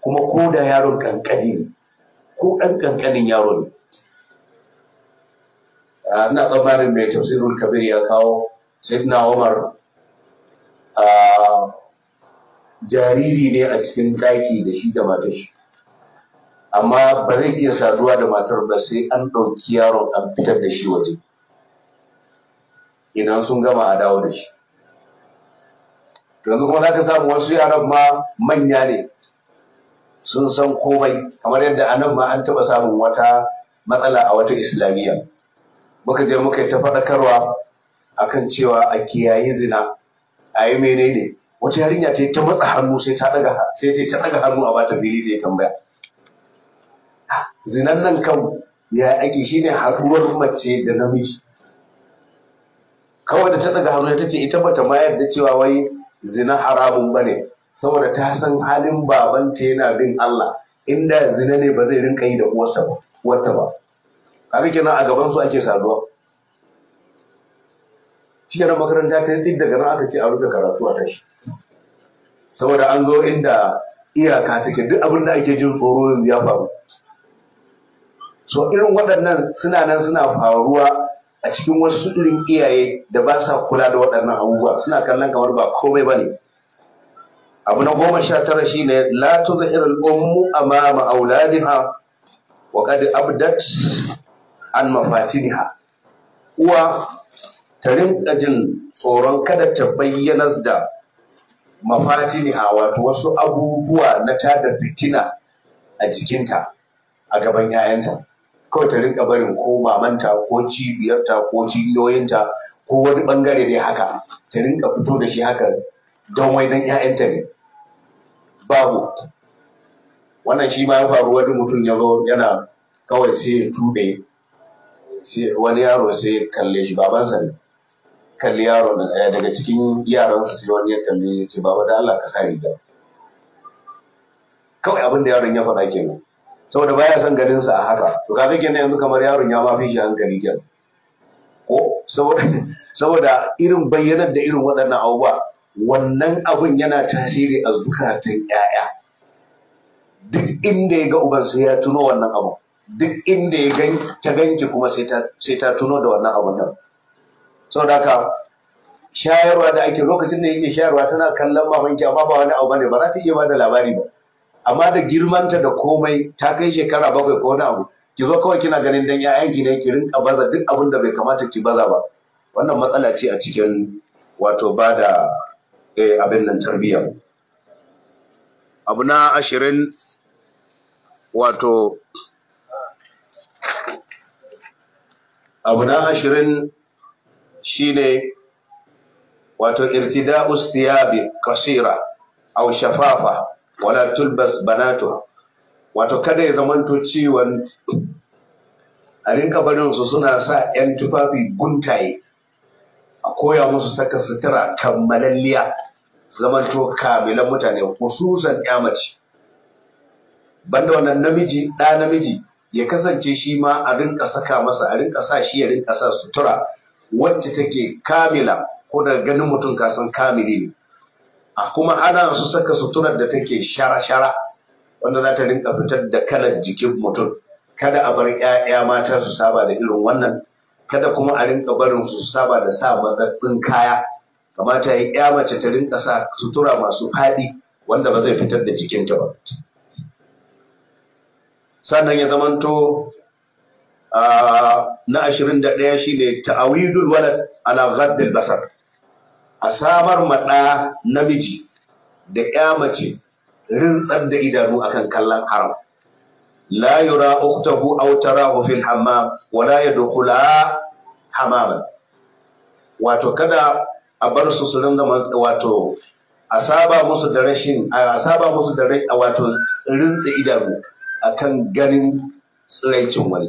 kuma ko da yaron kankani ko ɗan kankanin yaro ne ina tsammanin mai tafsirul kabir ya kawo sayyidina umar jariri ne a cikin ɗaki da shi da matar shi amma ba zai iya saduwa da matar ba sai an ɗauki yaron an fitar da shi waje idan sun gama a dawo da shi yanzu kuma za ka samu wasu yaran ma manya ne sun san komai kamar yadda a nan ma an taɓa samun wata matsala a wata islamiyya muka je muka yi ta faɗakarwa a kan cewa a kiyaye zina a yi menene wata yarinya ta yi ta matsa hannu sai ta ɗaga hannu a bata fili ta tambaya zinan nan kan ya ake shine haɗuwar mace da namiji kawai da ta daga hannu ta ce ita bata mayar da cewa wai zina haramun bane saboda ta san halin babanta yana bin Allah inda zina ne ba zai rinka yi da uwarsa ba uwarta ba kaga kenan a gaban su ake saduwa shi kenan makaranta ta yi daga nan aka ce a rufe karatu a tashi saboda an zo inda iyaka take duk abin da ake jin tsoro ya faru so irin waɗannan suna nan suna faruwa a cikin wasu irin iyaye da ba sa kula da waɗannan abubuwa suna kallon kamar ba komai ba ne abu na goma sha tara shi ne la tuzhir al ummu amama auladiha wa qad abdat an mafatiniha uwa ta rinka jin tsoron kada ta bayyana da mafatiniha wato wasu abubuwa na tada fitina a jikinta a gaban 'ya'yanta kawai ta rinka barin ko mamanta ko cibiyarta ko cibiyoyinta ko wani bangare dai haka ta rinka fito da shi haka don wai don 'ya'yanta ne babu wannan shi ma ya faru wani mutum ya zo yana kawai sai ya tube wani yaro sai kalle shi babansa ne kalli yaro eh, daga cikin yaransu sai wani ya kalli ya ce baba da Allah ka sa riga kawai abin yaron ya faɗa kenan saboda baya son ganin sa a haka to kaga kenan yanzu kamar yaron ya ma fi shi hankali kenan ko saboda saboda irin bayyanar da irin waɗannan abubuwa wannan abun yana tasiri a zukatan 'ya'ya duk inda ya ga uban sai ya tuno wannan abu duk inda ya gan ta ganki kuma sai ta tuno da wannan abun nan saboda haka shayarwa da ake lokacin da yake shayarwa tana kallon mafanki amma ba wani abu bane ba za ta iya bada labari ba amma da girmanta da komai ta kai shekara bakwai ko wani abu ki zo kawai kina ganin dan ƴaƴan ki ne ki rinka baza duk abin da bai kamata ki baza ba wannan matsala ce a cikin wato ba da eh, abin nan tarbiyya abu na ashirin wato abu na ashirin shine wato irtida'us siyabi kasira au shafafa wala tulbas banatuha wato kada ya zamanto ciwon a rinka barin su suna sa 'yan tufafi guntaye a koya musu saka sutura kammalalliya zamanto kamilan mutane hususan ya mace banda wannan namiji ɗa namiji ya kasance shi ma a rinka saka masa a rinka sa shi ya rinka sa sutura wacce take kamila ko daga ganin mutum kasan kamili ne a kuma ana su saka suturar da take shara-shara wanda za ta rinka fitar da kalar jikin mutum kada a bar 'ya'ya mata su saba da irin wannan kada kuma a rinka barin su saba da sa matsatsin kaya kamata ya ƴa mace ta rinka sa sutura masu faɗi wanda ba zai fitar da jikinta ba sannan ya zamanto ah, na ashirin da ɗaya shine ta'awidul walad ala ghaddil basar a samar maɗa namiji da ya mace rintsar da idanu akan kallon haram la yura uktahu aw tarahu fil hammam wa la yadkhula hamaman wato kada a bar su su rinda wato a saba musu da rashin a saba musu da wato rintsa idanu akan ganin tsiraicin wani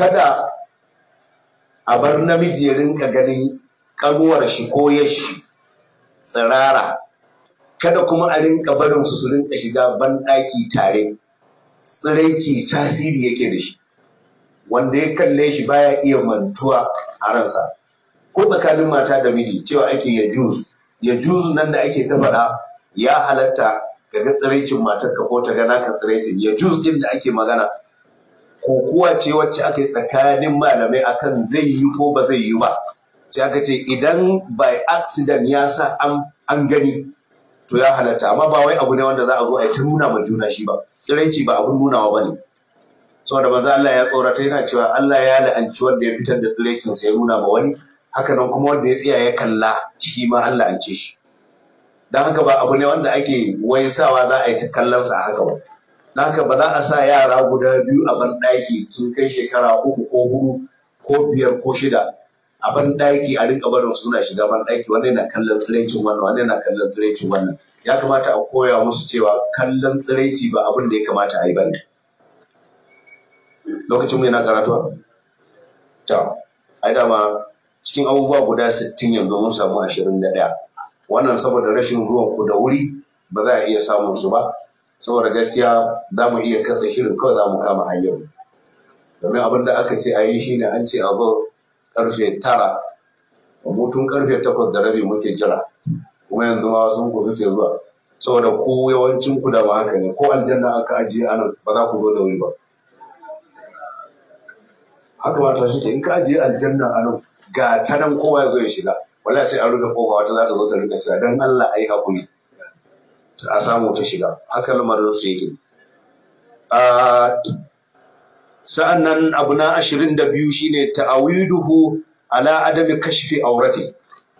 kada a bar namiji ya rinka ganin ƙanuwar shi ko ya shi tsirara kada kuma a rinka barin su su rinka shiga banɗaki tare tsiraici tasiri yake da shi wanda ya kalle shi baya iya mantuwa a ransa ko tsakanin mata da miji cewa ake ya juz ya juz nan da ake ta faɗa ya halatta ga ga tsiraicin matar ka ko ta gana ka tsiraicin ya juz din da ake magana ko ce wacce aka yi tsakanin malamai akan zai yi ko ba zai yi ba sai aka ce idan by accident ya sa an gani to ya halatta amma ba wai abu ne wanda za a zo a yi ta nuna ma juna shi ba tsiraici ba abun nunawa ba ne saboda manzo Allah ya tsorata yana cewa Allah ya la'anci wanda ya fitar da tsiraicin sai nuna ma wani haka nan kuma wanda ya tsaya ya kalla shi ma Allah an ce shi dan haka ba abu ne wanda ake wai sawa za a yi ta kallon sa haka ba dan haka ba za a sa yara guda biyu a ban daki sun kai shekara uku ko hudu ko biyar ko shida a banɗaki, daki a rinka barin suna shiga ban daki wannan yana kallon tsiraicin wannan wannan yana kallon tsiraicin wannan ya kamata a koya musu cewa kallon tsiraici ba abin da ya kamata a yi bane lokacin mu yana karatuwa ta ai dama cikin abubuwa guda 60 yanzu mun samu 21 wannan saboda rashin ruwan ku da wuri ba za a iya samun su ba saboda gaskiya za mu iya katse shirin kawai za mu kama hanyar domin abin da aka ce a yi shi ne an ce abu karfe tara mutum karfe takwas da rabi muke jira kuma yanzu ma sun ku suke zuwa saboda ku yawancin ku da ba haka ne ko aljanna aka ajiye ana ba za ku zo da wuri ba haka ma tashi ta in ka ajiye aljanna a ga ta nan kowa ya zo ya shiga wala sai an rufe kofa wata za ta zo ta rufe shiga Don Allah ayi hakuri a samu ta shiga haka lamarin su yake ah, sa'annan abu na ashirin da shi shine ta'awiduhu ala adami kashfi aurati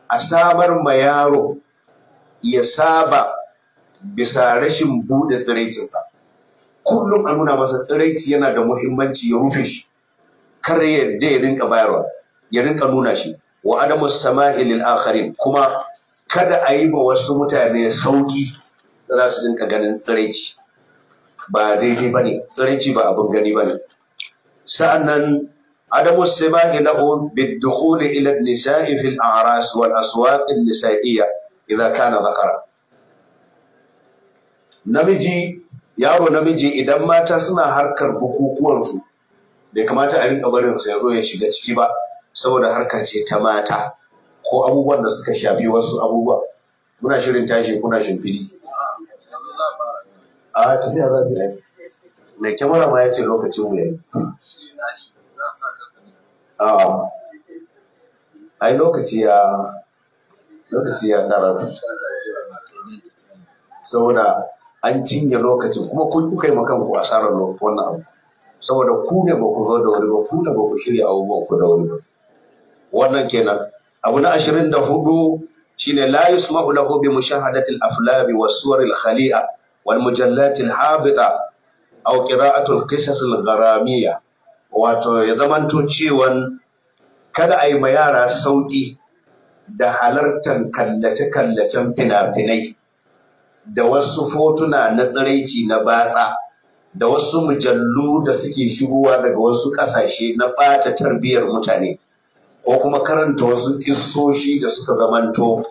a sabar ma yaro ya saba bisa rashin buɗe tsiraicinsa kullum a nuna masa tsiraici yana da muhimmanci ya rufe shi kar ya yarda ya rinka bayarwa ya rinka nuna shi wa adamu sama'i lil kuma kada a yi ba wasu mutane sauki za su rinka ganin tsiraici ba daidai ba ne, tsiraici ba abin gani ba ne. sa'annan Adamu, عدم السماح له بالدخول إلى a'ras wal aswaq والأسواق nisa'iyya, إذا kana ذكرا namiji yaro namiji idan mata suna harkar su bai kamata a rinka barin su yazo ya shiga ciki ba saboda harka ce ta mata ko abubuwan da suka shafi wasu abubuwa muna shirin tashi kuna shimfili a tafiya za mu yi mai kyamara ma ya ce lokacin mu yayi a ah, ai lokaci ya lokaci ya karatu saboda an cinye lokacin kuma kun kuka yi makan ku asarar wannan abu saboda ku ne ba ku zo da wuri ba ku ne ba ku shirya abubuwan ku da wuri ba wannan kenan abu na ashirin da hudu shine la yusma'u lahu bi mushahadati al-aflami was suwar al-khali'a wal mujallati al-habita aukira a qisas al wato ya zamanto cewan kada a yi ma yara sauƙi da halartar kallace-kallacen fina-finai da wasu fotuna na tsiraici na batsa da wasu mujallu da suke shigowa daga wasu ƙasashe na ɓata tarbiyyar mutane ko kuma karanta wasu ƙisoshi da suka zamanto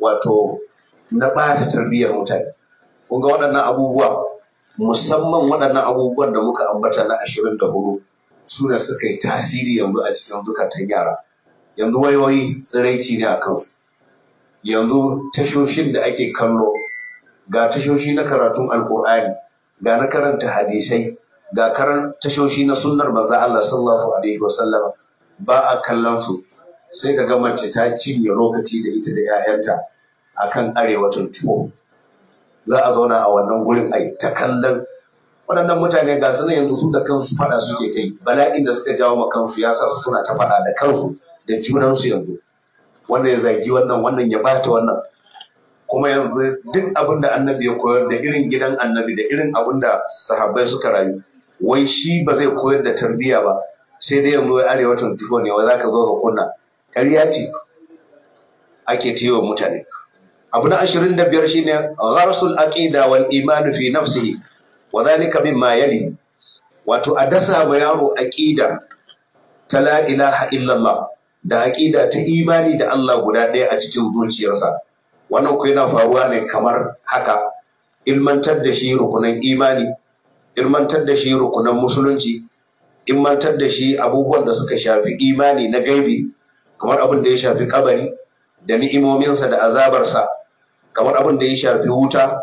wato na ɓata tarbiyyar mutane. Kun waɗannan abubuwa musamman waɗannan abubuwan da muka ambata na ashirin da hudu suna suka yi tasiri yanzu a cikin zukatan yara yanzu wayoyi tsiraici ne a kansu yanzu tashoshin da ake kallo ga tashoshi na karatun alkur'ani ga na karanta hadisai ga karan tashoshi na sunnar manzo Allah sallallahu alaihi wasallam ba a kallon su sai ka ga mace ta cinye lokaci da ita da 'ya'yanta akan arewacin tuwo za a zauna a wannan gurin a ta kallon waɗannan mutane ga su yanzu su da kansu faɗa suke ta yi bala'in da suka jawo ma kansu ya sa suna ta fada da kansu da junansu yanzu wannan ya zagi wannan wannan ya bata wannan kuma yanzu duk abin da annabi ya koyar da irin gidan annabi da irin abin da sahabbai suka rayu wai shi ba zai koyar da tarbiyya ba sai dai yanzu arewa tuntuɓo ne wai za zo ka kunna ƙarya ce ake tiyo mutane abu na ashirin da biyar shine gharsul aqida wal iman fi nafsi wa zalika mimma yali wato a dasa ma yaro aqida ta la ilaha illallah da aqida ta imani da Allah guda ɗaya a cikin zuciyarsa wannan ko yana faruwa ne kamar haka ilmantar da shi rukunan imani ilmantar da shi rukunan musulunci ilmantar da shi abubuwan da suka shafi imani na gaibi kamar abin da ya shafi kabari da ni'imominsa da azabarsa kamar abin da ya shafi wuta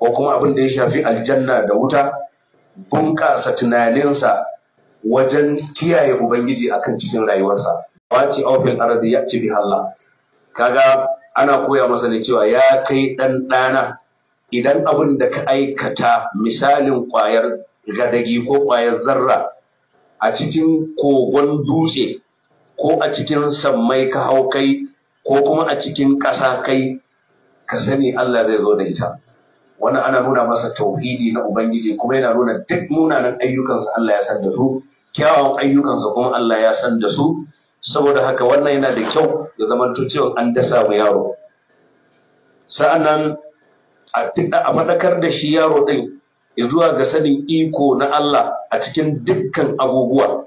ko kuma abin da ya shafi aljanna da wuta bunƙasa tunaninsa wajen kiyaye ubangiji akan cikin rayuwarsa wace aufil ardi ya ci Allah kaga ana koya masa ne cewa ya kai dan dana idan abin da ka aikata misalin kwayar gadagi ko kwayar zarra a cikin kogon dutse ko a cikin sammai ka hau kai ko kuma a cikin ƙasa kai ka sani Allah zai zo da ita Wani ana nuna masa tauhidi na ubangiji kuma yana nuna duk munanan ayyukansa Allah ya san da su kyawun ayyukansa kuma Allah ya san da su saboda haka wannan yana da kyau ya zama cewa an dasa mu yaro sa'annan a a faɗakar da shi yaro ɗin zuwa ga sanin iko na Allah a cikin dukkan abubuwa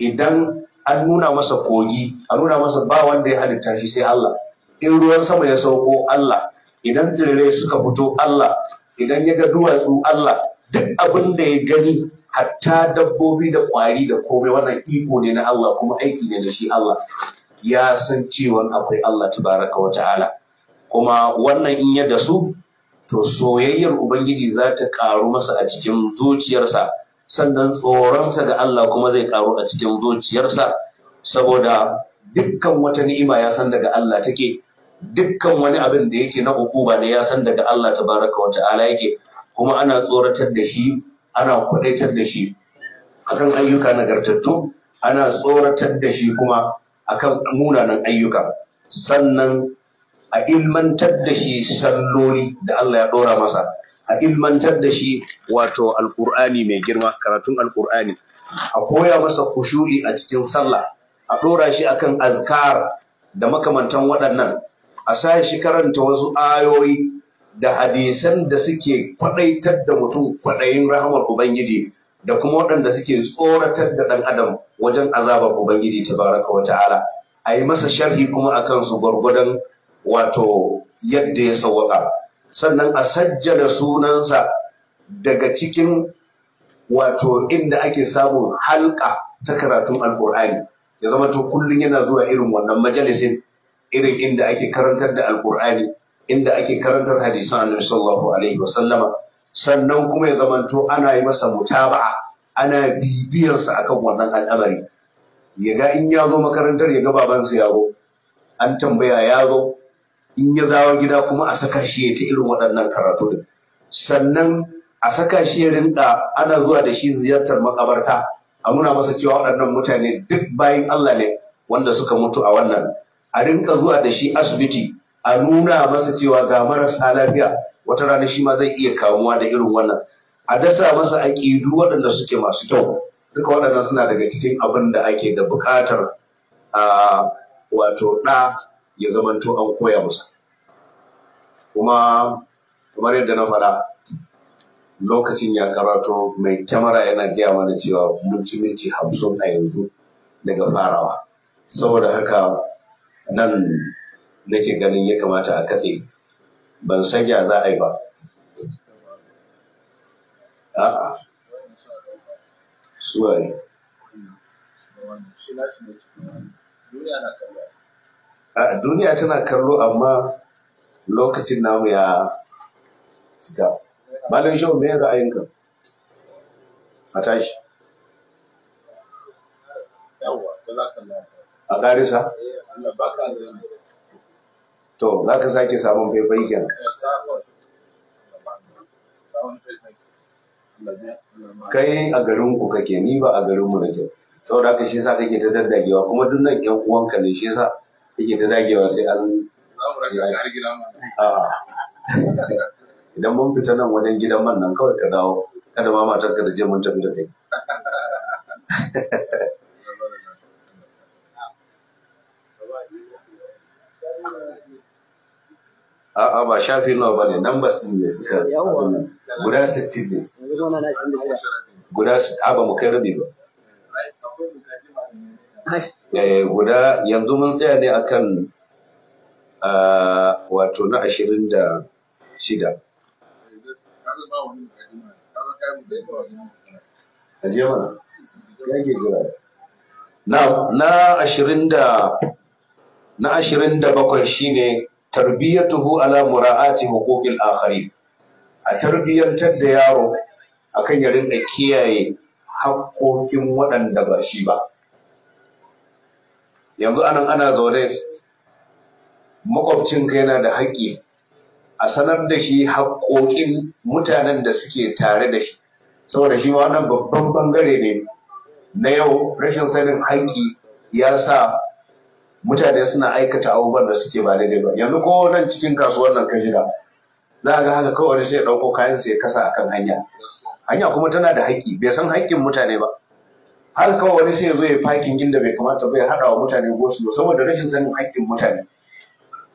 idan an nuna masa kogi a nuna masa ba wanda ya halitta shi sai Allah in ruwan sama ya sauko Allah idan tsirrai suka fito Allah idan ya ga duwatsu Allah duk abin da ya gani hatta dabbobi da ƙwari da komai wannan iko ne na Allah kuma aiki ne na shi Allah ya san cewa akwai Allah tabaraka wa ta'ala kuma wannan in ya dasu to soyayyar ubangiji za ta karu masa a cikin zuciyarsa sannan tsoronsa ga Allah kuma zai karu a cikin zuciyarsa saboda dukkan wata ni'ima ya san daga Allah take dukkan wani abin da yake na ba ne ya san daga Allah tabaraka wa ta'ala yake kuma ana tsoratar da shi ana kwadaitar da shi akan ayyuka nagartattu ana tsoratar da shi kuma akan munanan ayyuka sannan a ilmantar da shi salloli da Allah ya dora masa a ilmantar da shi wato alkur'ani mai girma karatun alkur'ani a koya masa kushuri a cikin sallah a dora shi akan azkar da makamantan waɗannan a sa shi karanta wasu ayoyi da hadisan da suke kwadaitar da mutum kwadayin rahamar ubangiji da kuma waɗanda suke tsoratar da ɗan adam wajen azabar ubangiji tabaraka wa ta'ala a yi masa sharhi kuma a su gwargwadon wato yadda ya sawwaka sannan a sajjada sunansa daga cikin wato inda ake samun halka ta karatun alkur'ani ya zama to kullum yana zuwa irin wannan majalisin irin inda ake karantar da alkur'ani inda ake karantar hadisan annabi sallallahu alaihi wasallama sannan kuma ya zamanto ana yi masa mutaba'a ana bibiyarsa akan wannan al'amari ya ga in ya zo makarantar ya ga babansa yaro, an tambaya ya zo in ya dawo gida kuma a saka shi ya ta irin waɗannan karatu sannan a saka shi ya rinda ana zuwa da shi ziyartar makabarta a nuna masa cewa waɗannan mutane duk bayan Allah ne wanda suka mutu a wannan a rinka zuwa da shi asibiti a nuna masa cewa ga marasa lafiya wata rana shi ma zai iya kamuwa da irin wannan a dasa masa aƙidu waɗanda suke masu kyau duka waɗannan suna daga cikin abin da ake da buƙatar a wato ɗa ya zamanto an koya masa kuma kamar yadda na faɗa lokacin ya karato mai kyamara yana gaya mana cewa mun ci minti hamsin a yanzu daga farawa saboda haka nan nake ganin ya kamata a katse ban san ya za a yi ba a'a suwaye a duniya tana kallo amma lokacin namu ya cika malin shau me ra'ayinka a tashi yawwa ba za ka lafiya a ƙarisa to za ka sake sabon faifai kenan kai a garinku kake ni ba a garinmu nake saboda haka shi sa kake ta daddagewa kuma duk nan ƴan uwanka ne shi sa kake ta dagewa sai an idan mun fita nan wajen gidan man nan kawai ka dawo kada ma matarka da je mun tafi da kai a'a ba shafi nawa bane ba su ne suka guda 60 ne guda a ba mu kai rabi ba eh, guda yanzu mun tsaya ne akan wato na ashirin da shida na ashirin da na ashirin da bakwai shine tarbiyatuhu ala mura'ati huquqil akhari a tarbiyyantar da yaro akan ya rinka kiyaye haƙƙoƙin waɗanda ba shi ba yanzu anan ana zaune makwabcinka yana da haƙƙi a sanar da shi haƙƙoƙin mutanen da suke tare da shi saboda shi wannan babban bangare ne na yau rashin sanin haƙƙi ya sa mutane suna aikata abubuwan da suke ba daidai ba yanzu ko nan cikin kasuwar nan ka shiga za ga haka kawai wani sai ya ɗauko kayan sai ya kasa a kan hanya hanya kuma tana da haƙƙi bai san haƙƙin mutane ba har kawai wani sai ya zo ya fakin inda bai kamata ba ya haɗa wa mutane gosulo saboda rashin sanin haƙƙin mutane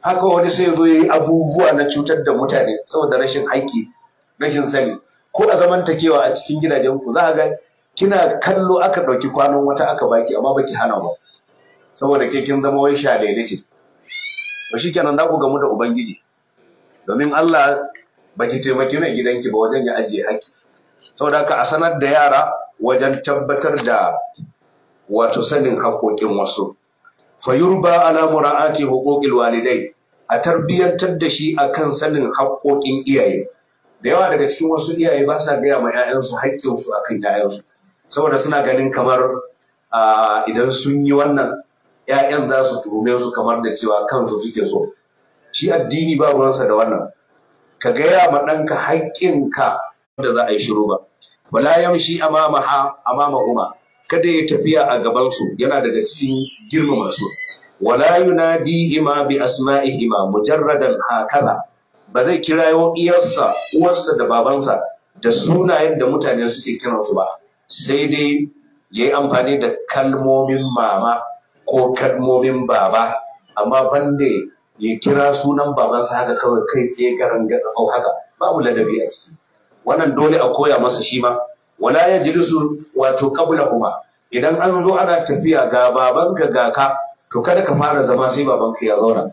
haka wani sai ya zo ya yi abubuwa na cutar da mutane saboda rashin haƙƙi rashin sani ko a zamantakewa a cikin gidajen ku za ga kina kallo aka ɗauki kwanon wata aka baki amma baki hana ba saboda ke kin zama wai sha daidai ce to shikenan za ku gamu da ubangiji domin Allah ba ki taimaki mai gidanki ba wajen ya ajiye haƙƙi saboda ka a sanar da yara wajen tabbatar da wato sanin haƙoƙin wasu fa yurba ala mura'ati huquqil walidai a tarbiyyantar da shi akan sanin haƙoƙin iyaye da yawa daga cikin wasu iyaye ba sa gaya ma 'ya'yansu haƙƙinsu a kan su, saboda suna ganin kamar ah, idan sun yi wannan 'ya'yan za su tuhume su kamar da cewa kansu suke so shi addini ba ruwansa da wannan ka gaya ma ɗanka haƙƙinka da za a yi shiru ba wala yamshi amama ha amama kada ya tafiya a gaban su yana daga cikin girmama su wala yunadi ima bi asma'ihima mujarradan hakaza ba zai kirayo iyarsa uwarsa da babansa da sunayen da mutane suke kiransu ba sai dai ya yi amfani da kalmomin mama ko kalmomin baba amma bande ya kira sunan babansa haka kawai kai ya garin gatsa ko haka babu ladabi a ciki wannan dole a koya masa shi ma wala ya jilisu wato kabla kuma idan an zo ana tafiya ga babanka ga ka to kada ka fara zama sai babanka ya zauna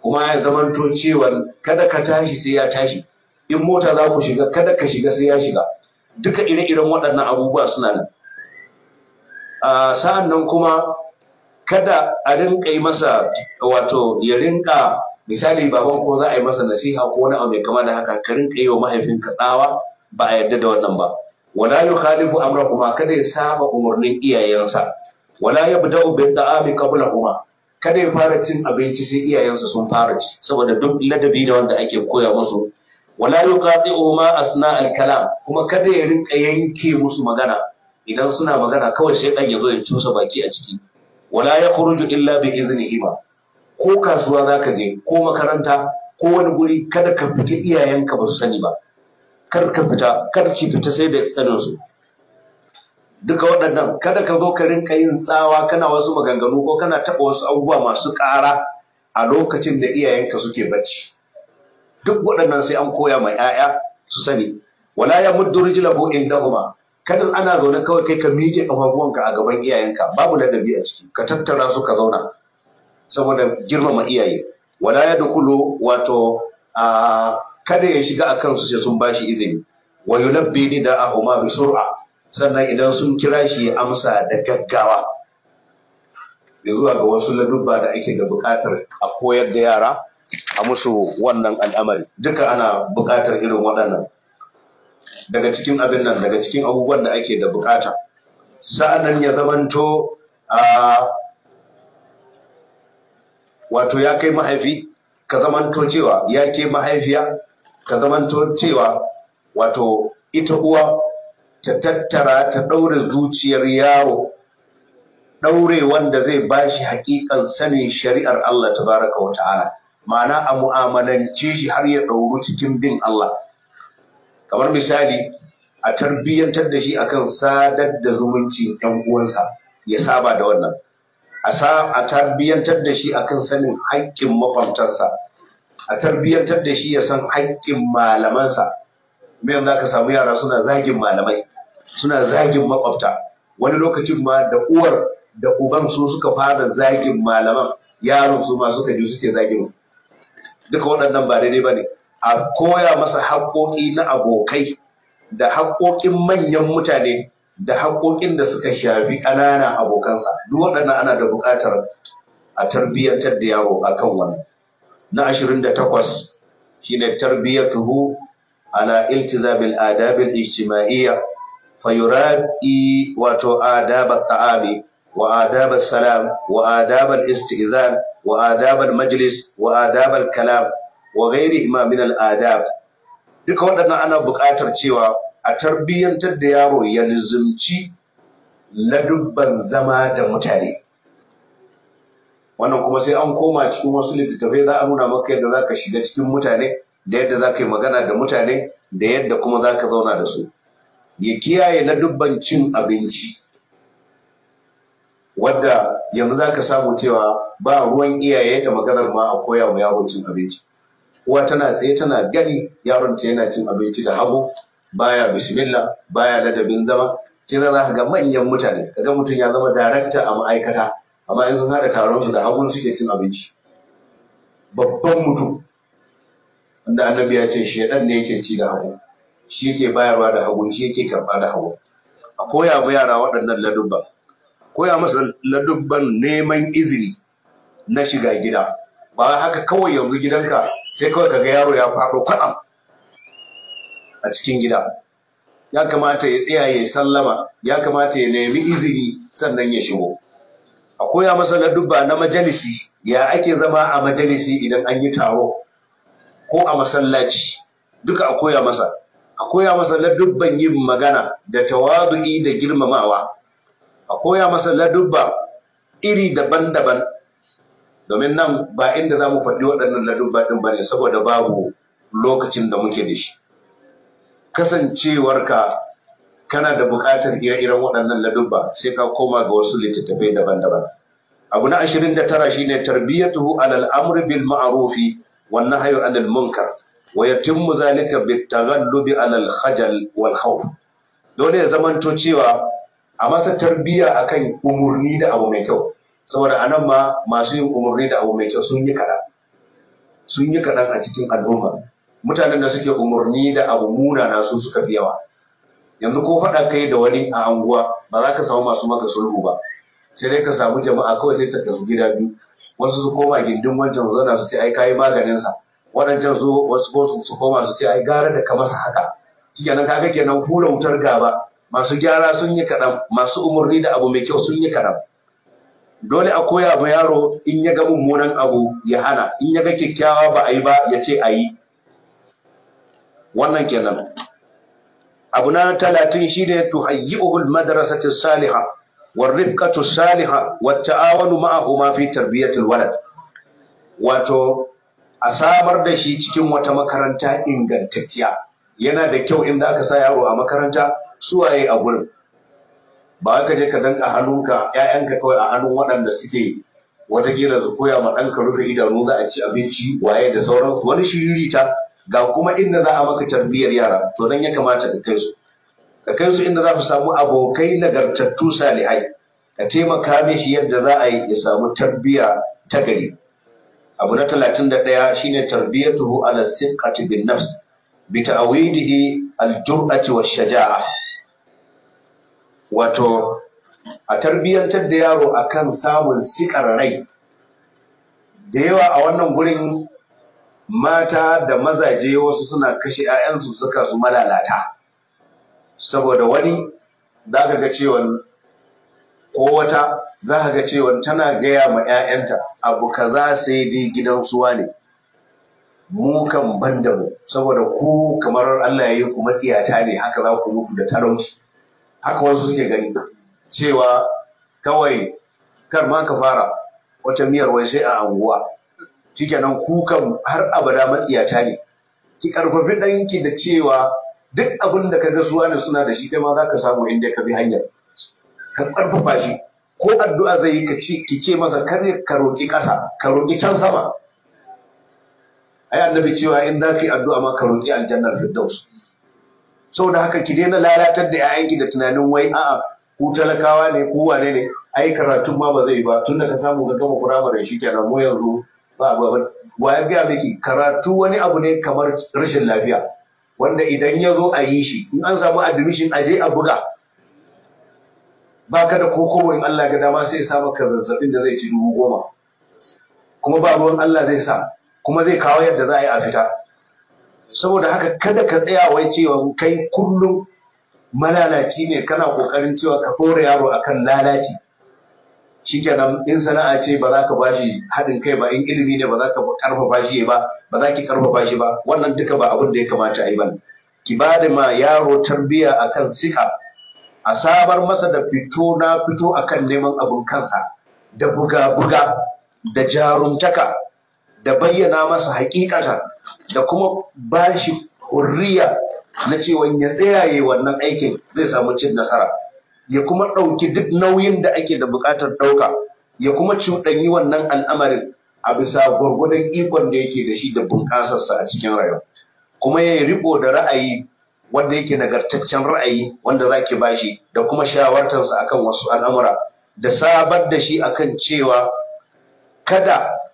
kuma ya zamanto cewa kada ka tashi sai ya tashi in mota za ku shiga kada ka shiga sai ya shiga duka ire-iren waɗannan abubuwa suna nan ah, sa'an nan kuma kada a rinka yi masa wato ya rinka misali baban ko za a yi masa nasiha ko wani abu mai kama da haka ka rinka yi wa mahaifinka tsawa ba a yarda da wannan ba wala yukhalifu amrahuma kada ya saba umarnin iyayensa wala yabda'u bi da'ami qablahuma kada ya fara cin abinci sai iyayensa sun fara ci saboda duk ladabi da wanda ake koya musu wala yuqati'u ma asna al-kalam kuma kada ya rinka yanke musu magana idan suna magana kawai sai ya zo ya cusa baki a ciki wala ya kuruju illa bi Izini ba ko kasuwa zaka je ko makaranta ko wani guri kada ka fita iyayenka ba su sani ba kar ka fita kar ki fita sai da sanin su duka waɗannan kada ka zo ka rinka yin tsawa kana wasu maganganu ko kana taɓa wasu abubuwa masu ƙara a lokacin da iyayenka suke bacci duk waɗannan sai an koya ma 'ya'ya su sani wala ya muddu rijlahu indahuma kada ana zaune kawai kai ka miƙe ƙafafuwanka a gaban iyayenka babu ladabi a ciki ka tattara su ka zauna saboda girmama iyaye wala ya dukulu wato kada ya shiga a kansu sai sun bashi izini wa yulabbi ni da ahuma bi sur'a sannan idan sun kira shi amsa da gaggawa zuwa ga wasu ladubba da ake da buƙatar a koyar da yara a musu wannan al'amari duka ana buƙatar irin waɗannan daga cikin abin nan daga cikin abubuwan da ake da bukata sa'annan ya zamanto a wato ya kai mahaifi ka zamanto cewa ya ke mahaifiya ka zamanto cewa wato ita uwa ta tattara ta ɗaure zuciyar yaro ɗaure wanda zai bashi haƙiƙan sanin shari'ar Allah tabaraka wa ta'ala ma'ana a mu'amalanci shi har ya dauru cikin bin Allah kamar misali a tarbiyyantar da shi akan sadar da zumunci ɗan uwansa ya saba da wannan a tarbiyyantar da shi akan sanin haƙƙin makwabtansa a tarbiyyantar da shi ya san haƙƙin malamansa bayan za ka samu yara suna zagin malamai suna zagin makwabta wani lokacin ma da uwar da uban su suka fara zagin malaman yaron su ma suka ji suke zagin su duka waɗannan ba daidai ba ne a koya masa haƙoƙi na abokai da haƙoƙin manyan mutane da haƙoƙin da suka shafi ƙanana abokansa duk waɗannan ana da buƙatar a tarbiyyantar da yaro a kan wannan na ashirin da takwas shine tarbiyyatuhu ala iltizabil adabil ijtima'iyya fayurabi wato adabat ta'ami wa adabat salam wa adabat istizan wa majlis wa adabat kalam wa gairi ima min al'adab duka waɗannan ana buƙatar cewa a tarbiyyantar da yaro ya nizumci ladubban zama da mutane wannan kuma sai an koma cikin wasu littattafai za a nuna maka yadda za ka shiga cikin mutane da yadda za ka yi magana da mutane da yadda kuma za ka zauna da su ya kiyaye ladubban cin abinci wadda yanzu za ka samu cewa ba ruwan iyaye da maganar ma a koya wa yaro cin abinci uwa tana tsaye tana gani yaron ta yana cin abinci da hagu baya bismillah baya ladabin zama kira za ka ga manyan mutane kaga mutum ya zama darakta a ma'aikata amma in sun haɗa taron su da hagun suke cin abinci babban mutum wanda annabi ya ce shedan ne yake ci da hagu shi yake bayarwa da hagu shi yake karɓa da hagu a koya ma yara waɗannan ladubban koya masa ladubban neman izini na shiga gida ba haka kawai yanzu gidanka sai kawai kaga yaro ya faɗo kwaɗam a cikin gida ya kamata ya tsaya ya sallama ya kamata ya nemi izini sannan ya shigo a koya masa na dubba na majalisi ya ake zama a majalisi idan an yi taro ko a masallaci duka a koya masa a koya masa na dubban yin magana da tawadu'i da girmamawa a koya masa na dubba iri daban-daban domin nan ba inda za mu faɗi waɗannan ladubba ɗin ba ne saboda babu lokacin da muke da shi kasancewarka kana da buƙatar ire-iren waɗannan ladubba sai ka koma ga wasu littattafai daban-daban abu na ashirin da tara shi shine tarbiyyatuhu alal amri bil ma'arufi wannan hayo alal munkar wa yatimmu zalika bit taghallub alal khajal wal khawf dole ya zamanto cewa a masa tarbiyya akan umurni da abu mai kyau saboda anan ma masu yin umarni da abu mai kyau sun yi kaɗan sun yi kaɗan a cikin al'umma mutanen da suke umarni da abu munana su suka fi yawa yanzu ko faɗa kai da wani a anguwa ba za ka samu masu maka sulhu ba sai dai ka samu jama'a kawai sai ta kasu gida biyu wasu su koma gindin wancan zana su ce ai kayi maganin sa waɗancan su wasu ko su koma su ce ai gara da ka masa haka shikenan kaga kenan fura wutar gaba masu gyara sun yi kaɗan masu umarni da abu mai kyau sun yi kaɗan dole a koya ma yaro in ya ga mummunan abu ya hana in ya ga kyakkyawa ba a yi ba ya ce a yi wannan kenan abu na talatin shi ne uhul madrasatu saliha war saliha wa ta'awanu ma'ahuma fi tarbiyatil walad wato a samar da shi cikin wata makaranta ingantacciya yana da kyau in za aka sa yaro a makaranta suwaye a gurin ba ka je ka danka hannunka ƴaƴanka kawai a hannun waɗanda suke watakila su koya ma ɗanka rufe idanu za a ci abinci waye da sauransu wani shiriri ta. ga kuma inda za a maka tarbiyyar yara to nan ya kamata ka kai su ka kai su inda za su samu abokai nagartattu salihai ka taimaka mishi yadda za a yi ya samu tarbiyya ta gari abu na talatin da ɗaya shine tarbiyyatuhu ala sikati bin nafs bi ta'awidihi al-jur'ati wash-shaja'a wato a tarbiyyantar da yaro akan samun sikar rai da yawa a wannan gurin mata da mazaje wasu suna kashe 'ya'yansu suka su malalata saboda wani za ka ga cewa ko wata za ka ga cewa tana gaya ma 'ya'yanta abu kaza sai dai gidan suwa ne mu kan ban mu saboda ku kamar Allah ya yi ku matsiyata ne haka za ku mutu da talauci haka wasu suke gani cewa kawai kar ma ka fara wata miyar wai sai a anguwa shikenan kukan har abada matsiyata ne ki karfafi ɗanki da cewa duk abin da ka ga suwa ne suna da shi kai za ka samu inda ka bi hanyar ka karfafa shi ko addu'a zai yi ka ki ce masa kar ka roƙi ƙasa ka roƙi can sama ai annabi cewa in za ka yi addu'a ma ka roki aljannar firdaus saboda haka ki daina lalatar da 'ya'yanki da tunanin wai a'a ku talakawa ne ku wane ne ai karatu ma ba zai ba Tun tunda ka samu ga gama firamare shi kenan mu yanzu ba ba wa ya gaya miki karatu wani abu ne kamar rashin lafiya wanda idan ya zo a yi shi in an samu admission a je a buga ba ka da koko in Allah ga dama sai ya sa zazzabin da zai ci dubu goma kuma ba ruwan Allah zai sa kuma zai kawo yadda za a yi a fita saboda haka kada ka tsaya wai cewa kai kullum malalaci ne kana kokarin cewa ka hore yaro akan lalaci shikenan in sana'a ce ba za ka bashi haɗin kai ba in ilimi ne ba za ka karfafa shi ba ba za ki karfafa shi ba wannan duka ba abin da ya kamata a yi ba ki ba da ma yaro tarbiyya akan sika a sabar masa da fito na fito akan neman abin kansa da buga-buga da jarumtaka, da bayyana masa hakikata da kuma ba shi hurriya na cewa ya tsayaye wannan aikin zai samu cin nasara ya kuma ɗauki duk nauyin da ake da buƙatar ɗauka ya kuma cuɗanyi wannan al'amarin a bisa gwargwadon ikon da yake da shi da bunƙasarsa a cikin rayuwa kuma ya yi riko da ra'ayi wanda yake nagartaccen ra'ayi wanda za ki bashi da kuma shawartarsa akan wasu al'amura da sabar da shi akan cewa kada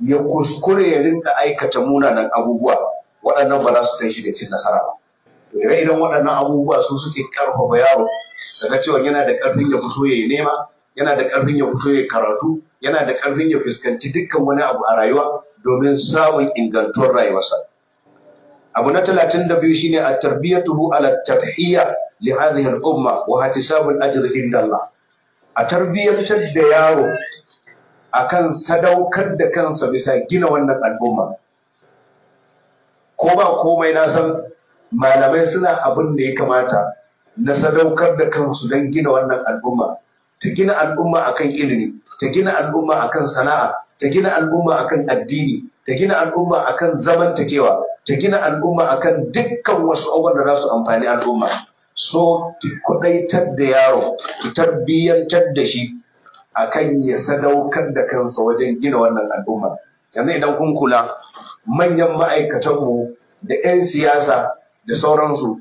ya kuskure ya rinka aikata munanan abubuwa waɗannan ba za su kai shi da cin nasara ba ire idan waɗannan abubuwa su suke karfafa yaro daga cewa yana da ƙarfin ya fito ya nema yana da ƙarfin ya fito ya karatu yana da ƙarfin ya fuskanci dukkan wani abu a rayuwa domin samun ingantuwar rayuwarsa abu na talatin da biyu shine a tarbiyyatuhu ala tafhiyya li hadhihi al-umma wa ihtisabul ajri inda Allah a tarbiyyatar da yaro akan sadaukar da kansa bisa gina wannan al'umma ko ba komai na san malamai suna abin da ya kamata na sadaukar da kansu don gina wannan al'umma ta gina al'umma akan ilimi ta gina al'umma akan sana'a ta gina al'umma akan addini ta gina al'umma akan zamantakewa ta gina al'umma akan dukkan wasu abubuwan da za su amfani al'umma so ki kudaitar da yaro ki tarbiyyantar da shi akan ya sadaukar da kansa wajen gina wannan al'umma yanzu idan kun kula manyan ma'aikatanmu da 'yan siyasa da sauransu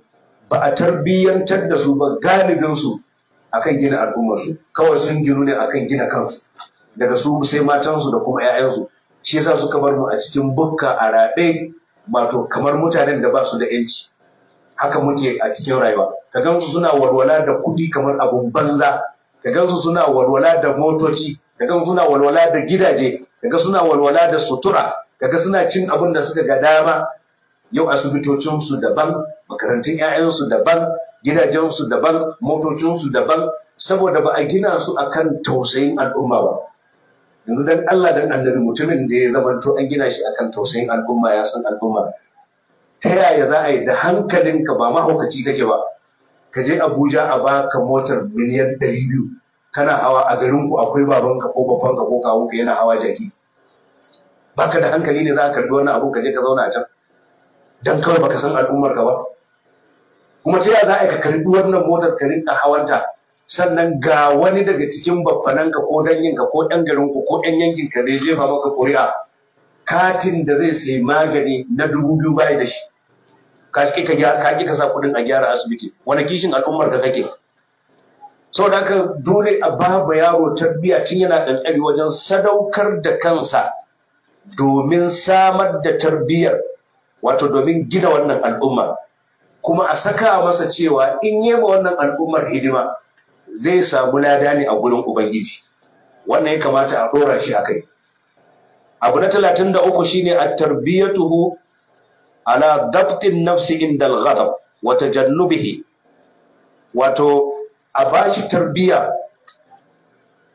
ba a tarbiyyantar da su ba galibinsu akan gina al'ummarsu kawai sun ginu ne akan gina kansu daga su sai matansu da kuma 'ya'yansu shi yasa suka bar mu a cikin bukka a raɓe wato kamar mutanen da ba su da 'yanci haka muke a cikin rayuwa ka gansu suna walwala da kuɗi kamar abun banza ka gansu suna walwala da motoci ka gan suna walwala da gidaje ka ga suna walwala da sutura ka ga suna cin abun da suka ga dama yau asibitocinsu daban makarantun 'ya'yansu daban gidajensu daban motocinsu daban saboda ba a gina su akan tausayin al'umma ba yanzu dan Allah dan annabi mutumin da ya zama to an gina shi akan tausayin al'umma ya san al'umma ta yaya za a yi da hankalinka ba mahaukaci kake ba ka je abuja a baka motar miliyan ɗari biyu kana hawa a garin ku akwai babanka ko babanka ko kawo ka yana hawa jaki baka da hankali ne za ka karbi wani abu ka je ka zauna a can dan kawai baka san al'ummar ka ba kuma ta yaya za a ka karbi wannan motar ka rinka hawanta sannan ga wani daga cikin ka ko ka ko ɗan garinku ko ɗan ka zai jefa maka ƙuri'a katin da zai sayi magani na dubu biyu bai da shi ka ka ka sa kuɗin a gyara asibiti wani kishin al'ummar ka kake da ka dole a babu yaro tarbiyya tun yana ƙanƙari wajen sadaukar da kansa domin samar da tarbiyyar wato domin gina wannan al'umma, kuma a saka masa cewa in yi ma wannan al'ummar hidima zai samu lada ne a gurin ubangiji wannan ya kamata a ɗora shi a kai abu na talatin da uku shine a tarbiyyatuhu ala dabtin nafsi inda al-ghadab wa tajannubihi wato a bashi tarbiya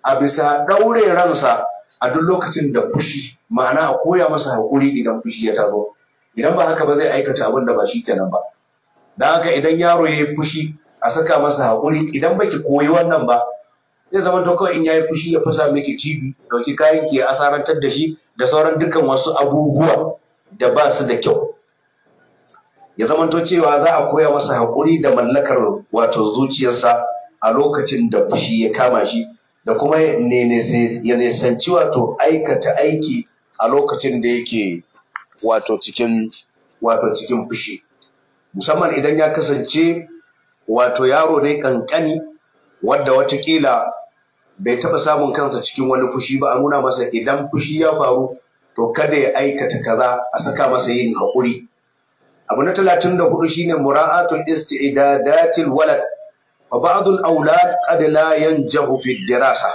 a bisa daure ransa a duk lokacin da fushi ma'ana a koya masa haƙuri idan fushi ya tazo idan ba haka ba zai aikata abin da ba shi kenan ba dan haka idan yaro yayi fushi a saka masa hakuri idan baki koyi wannan ba zai zama to kawai in yayi fushi ya fasa miki cibi dauki kayan ki asarantar da shi da sauran dukkan wasu abubuwa da ba su da kyau ya zamanto cewa za a koya masa haƙuri da mallakar wato zuciyarsa a lokacin da fushi ya kama shi da kuma ya nisanci wato aikata aiki a lokacin da yake wato cikin wato cikin fushi musamman idan ya kasance wato yaro ne kankani wadda watakila bai taɓa samun kansa cikin wani fushi ba a nuna masa idan fushi ya faru to kada ya aikata kaza a saka masa yin haƙuri abu na talatin da hudu shine mura'atul istidadatil walad wa ba'd al awlad qad la yanjahu fi dirasa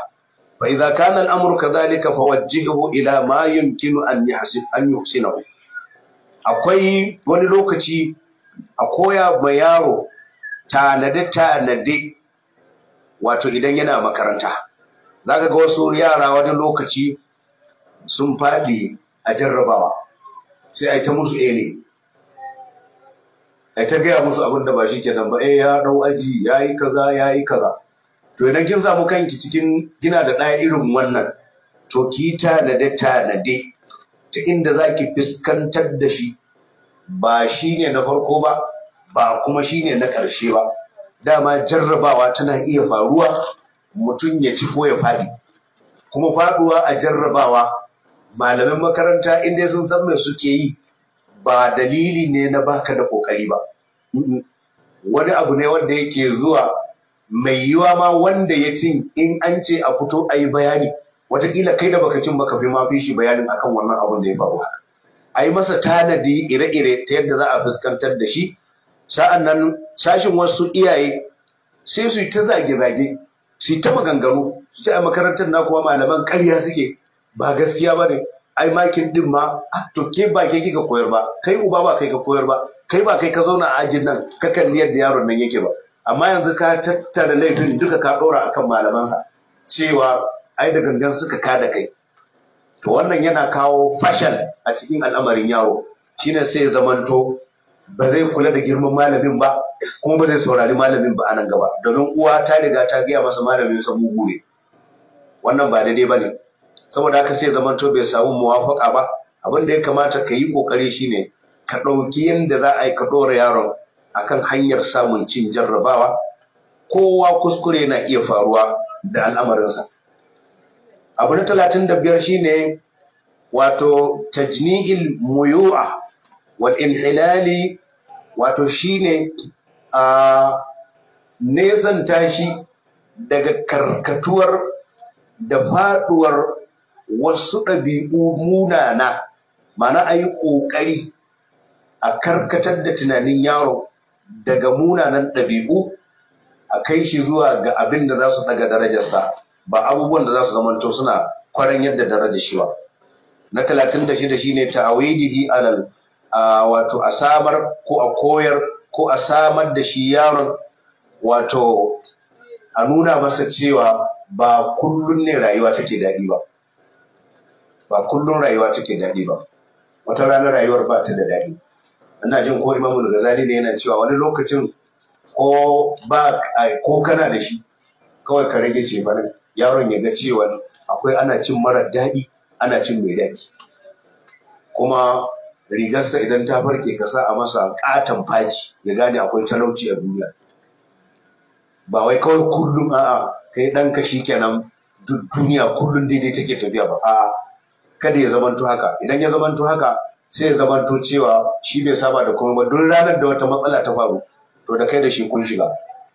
fa idha kana al amru kadhalika fawajjihu ila ma yumkinu an yahsin an yuhsinahu akwai wani lokaci a koya ma yaro tanade tanade wato idan yana makaranta zaka ga wasu yara wani lokaci sun faɗi a jarrabawa sai a yi ta musu ele ai ta gaya musu abin da ba shi kenan ba eh ya dau aji ya yi kaza ya yi kaza to idan kin samu kanki cikin gina da ɗaya irin wannan to ki tanade tanade ta inda za ki fuskantar da shi ba shi ne na farko ba ba kuma shi ne na ƙarshe ba dama jarrabawa tana iya faruwa mutum ya ci ko ya faɗi kuma faɗuwa a jarrabawa malaman makaranta inda sun san me suke yi ba dalili ne na baka da kokari ba wani abu ne wanda yake zuwa mai yiwa ma wanda ya cin in an ce a fito a yi bayani wataƙila kai da baka cin baka fi ma fi shi bayanin akan wannan abun da ya faru haka a yi masa tanadi ire-ire ta yadda za a fuskantar da shi sa'an nan sashin wasu iyaye sai su yi ta zage-zage su yi ta maganganu su ce a makarantar na kuwa malaman karya suke ba gaskiya ba ne ai makin din ma to ke ba ke kika koyar ba kai uba ba kai ka koyar ba kai ba kai ka zauna a ajin nan ka kalli yadda yaron nan yake ba amma yanzu ka tattara laifin duka ka dora akan malamansa cewa ai da gangan suka kada kai to wannan yana kawo fashal a cikin al'amarin yaro shine sai ya zamanto ba zai kula da girman malamin ba kuma ba zai saurari malamin ba a nan gaba domin uwa ta riga ta gaya masa malamin sa mugu ne wannan ba daidai ba ne saboda haka sai zamanta bai samu muwafaka ba abin da ya kamata ka yi kokari shine ka ɗauki yadda za a yi ka ɗora yaron akan hanyar samun cin jarrabawa kowa kuskure na iya faruwa da al'amarinsa abu na talatin da biyar shine wato tajni'il muyu'a wal inhilali wato shine a nesan tashi daga karkatuwar da faduwar wasu ɗabi'u munana mana a yi ƙoƙari a karkatar da tunanin yaro daga munanan ɗabi'u a kai shi zuwa ga abin da za su daga darajarsa ba abubuwan da za su zamanto suna kwaran yadda darajar shi ba na talatin da shida shine ta'awidihi alal wato a samar ko a koyar ko a samar da shi yaron wato a nuna masa cewa ba kullum ne rayuwa take daɗi ba ba kullum rayuwa take daɗi ba wata rana rayuwar ba ta da daɗi ina jin ko imamu da zali ne yana cewa wani lokacin ko ba ko kana da shi kawai ka rage ce bana yaron ya ga cewa akwai ana cin mara daɗi ana cin mai daɗi kuma rigarsa idan ta farke ka sa a masa katon faci ya gane akwai talauci a duniya ba wai kawai kullum a'a kai ɗanka shi kenan duniya kullum daidai take tafiya ba a'a kada ya zamanto haka idan ya zamanto haka sai ya zamanto cewa shi bai saba da komai ba duk ranar da wata matsala ta faru to da kai da shi kun shiga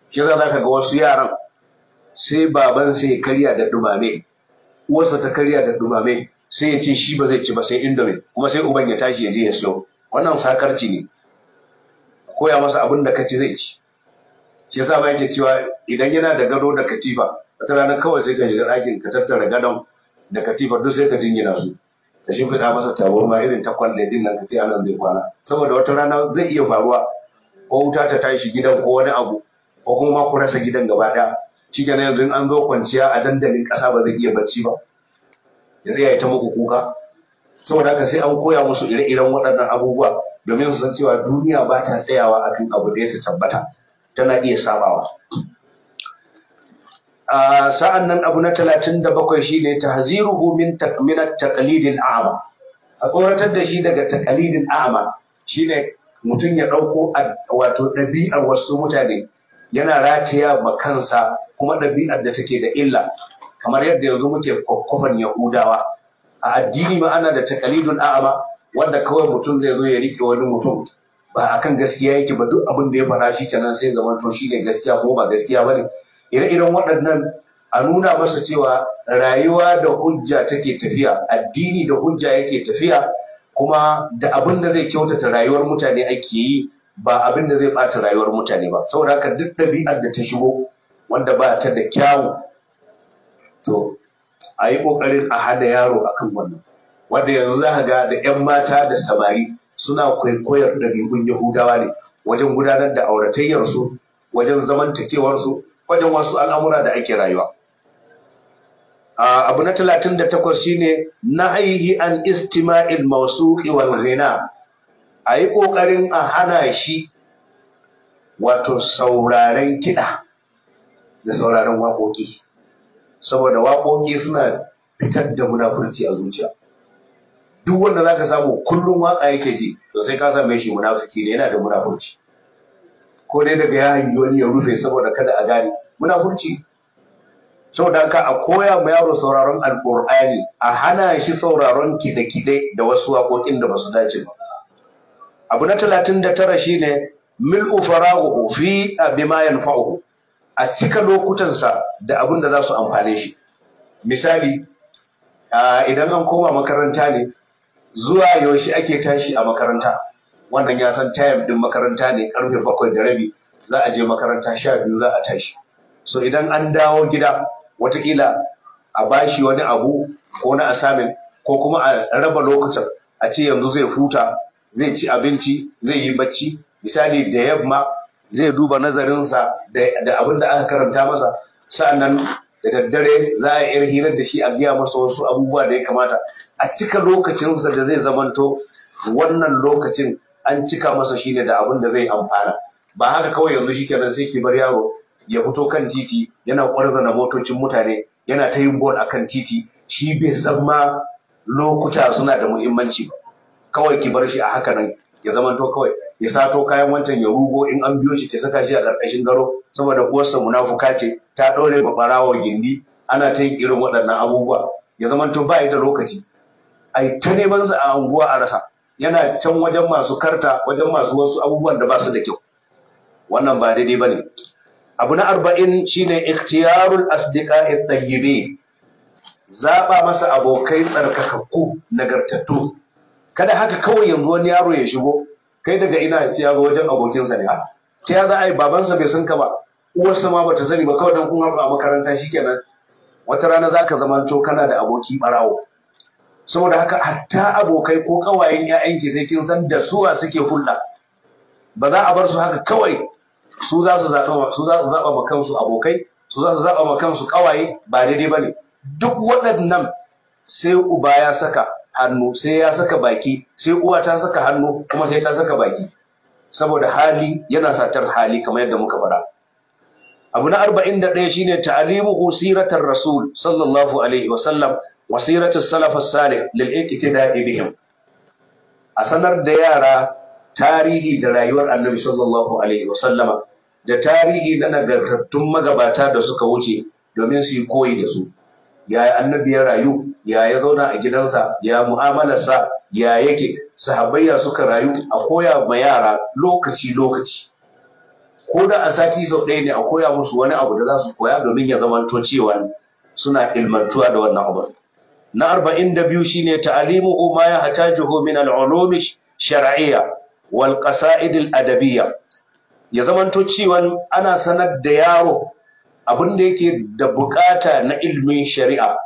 shi za ka ga wasu yaran sai baban sai karya da dumame uwarsa ta karya da dumame sai ya ce shi ba zai ci ba sai indomi kuma sai uban ya tashi ya je ya siyo wannan sakarci ne koya masa abin da ka ci zai ci shi yasa ba yake cewa idan yana da gado da katifa wata ranar kawai sai ka shiga ɗakin ka tattara gadon da katifa duk sai ka jingina su ka shimfiɗa masa ma irin ta kwalle din nan ka ce anan zai kwana saboda wata rana zai iya faruwa ko wuta ta tashi gidan ko wani abu ko kuma ma ku rasa gidan gaba ɗaya shi kenan yanzu in an zo kwanciya a dandalin ƙasa ba zai iya bacci ba ya ya yi ta muku kuka saboda haka sai an koya musu ire-iren waɗannan abubuwa domin su san cewa duniya ba ta tsayawa akan abu da ya tabbata tana iya sabawa sa'an nan abu na talatin da bakwai shi ne ta haziruhu min takminar takalidin ama a tsoratar da shi daga takalidin ama shi ne mutum ya ɗauko wato ɗabi'ar wasu mutane yana rataya ma kansa kuma ɗabi'ar da take da illa kamar yadda yanzu muke kwakwafan yahudawa a addini ma ana da takalidin a'ama wanda kawai mutum zai zo ya riƙe wani mutum ba akan gaskiya yake ba duk abin da ya fara shi kenan sai zamanto shi ne gaskiya ko ba gaskiya ba ne ire waɗannan a nuna masa cewa rayuwa da hujja take tafiya addini da hujja yake tafiya kuma da abin da zai kyautata rayuwar mutane ake yi ba abin da zai ɓata rayuwar mutane ba saboda haka duk ɗabi'ar da ta shigo wanda ba ta da kyawu to a yi ƙoƙarin a hada yaro akan wannan wanda yanzu za ga da 'yan mata da samari suna kwaikwayar ɗabi'un yahudawa ne wajen gudanar da auratayyarsu wajen zamantakewarsu wajen wasu al'amura da ake rayuwa abu na talatin da takwas shine aihi an istima'il mawsuqi wal ghina a yi ƙoƙarin a hana shi wato sauraren kiɗa da sauraren waƙoƙi saboda waƙoƙi suna fitar da munafurci a zuciya duk wanda za ka samu kullum waƙa yake ji to sai ka same shi munafurci ne yana da munafurci ko dai daga ya hangi wani ya rufe saboda kada a gane furci saboda ka a koya ma yaro sauraron alƙur'ani a hana shi sauraron kide-kide da wasu waƙoƙin da basu dace ba abu na talatin da tara shine mil'u faraghu fi bima yanfa'uhu a cika lokutansa da abin da za su amfane shi misali idan an koma makaranta ne zuwa yaushe ake tashi a makaranta wannan ya san time din makaranta ne karfe bakwai da rabi za a je makaranta sha biyu za a tashi so idan an dawo gida watakila a bashi wani abu ko na assignment ko kuma a raba lokacin a ce yanzu zai huta zai ci abinci zai yi bacci misali da yamma zai duba nazarinsa da abin da aka karanta masa sa'annan da daddare za a yi hirar da shi a gaya masa wasu abubuwa da ya kamata a cika lokacinsa da zai zamanto wannan lokacin an cika masa shi ne da abin da zai amfana ba haka kawai yanzu shi kenan sai ki bar yaro ya fito kan titi yana na motocin mutane yana ta yin bol akan titi shi bai san ma lokuta suna da muhimmanci ba kawai ki bar shi a haka nan ya to kawai ya sato kayan wancan ya rugo in an biyo shi ta saka shi a ƙarƙashin garo saboda kuwarsa munafuka ce ta ɗaure ma gindi ana ta yin irin waɗannan abubuwa ya to ba da lokaci ai ta neman sa a unguwa a rasa yana can wajen masu karta wajen masu wasu abubuwan da ba su da kyau wannan ba daidai ba ne abu na arba'in shine ikhtiyarul asdiqa'i tayyibi zaba masa abokai tsarkakakku nagartattu kada haka kawai yanzu wani yaro ya shigo kai daga ina ce ya zo wajen abokinsa ne ta ya za a yi babansa bai san ka ba uwarsa ma bata sani ba kawai dan kun haɗu a makaranta shikenan wata rana zaka zamanto kana da aboki barawo saboda haka hatta abokai ko kawayen 'ya'yanki sai kin san da suwa suke hulla ba za a bar su haka kawai su za su zaɓa su za su zaɓa ma kansu abokai su za su zaɓa ma kansu kawaye ba daidai ba ne duk waɗannan sai uba ya saka hannu sai ya saka baki sai uwa ta saka hannu kuma sai ta saka baki saboda hali yana satar hali kamar yadda muka fara abu na arba'in da ɗaya shine ta'alimu siratar rasul sallallahu alaihi wasallam wasiratu salafus salih lil iqtida'i bihim a sanar da yara tarihi da rayuwar annabi sallallahu alaihi wasallama da tarihi na nagartattun magabata da suka wuce domin su yi koyi da su ya annabi ya rayu ya ya zauna a gidansa ya mu'amalarsa ya yake sahabbaiya suka rayu a koya ma yara lokaci lokaci ko da a sati sau ɗaya ne a koya musu wani abu da za su koya domin ya zamanto cewa suna ilmantuwa da wannan abu na arba'in da biyu 42 shine ta'alimu ma yahtajuhu min al-ulum wal ƙasa’idil adabiya adabiyya ya zamanto cewa ana sanar da yaro abin da yake da bukata na ilmin shari'a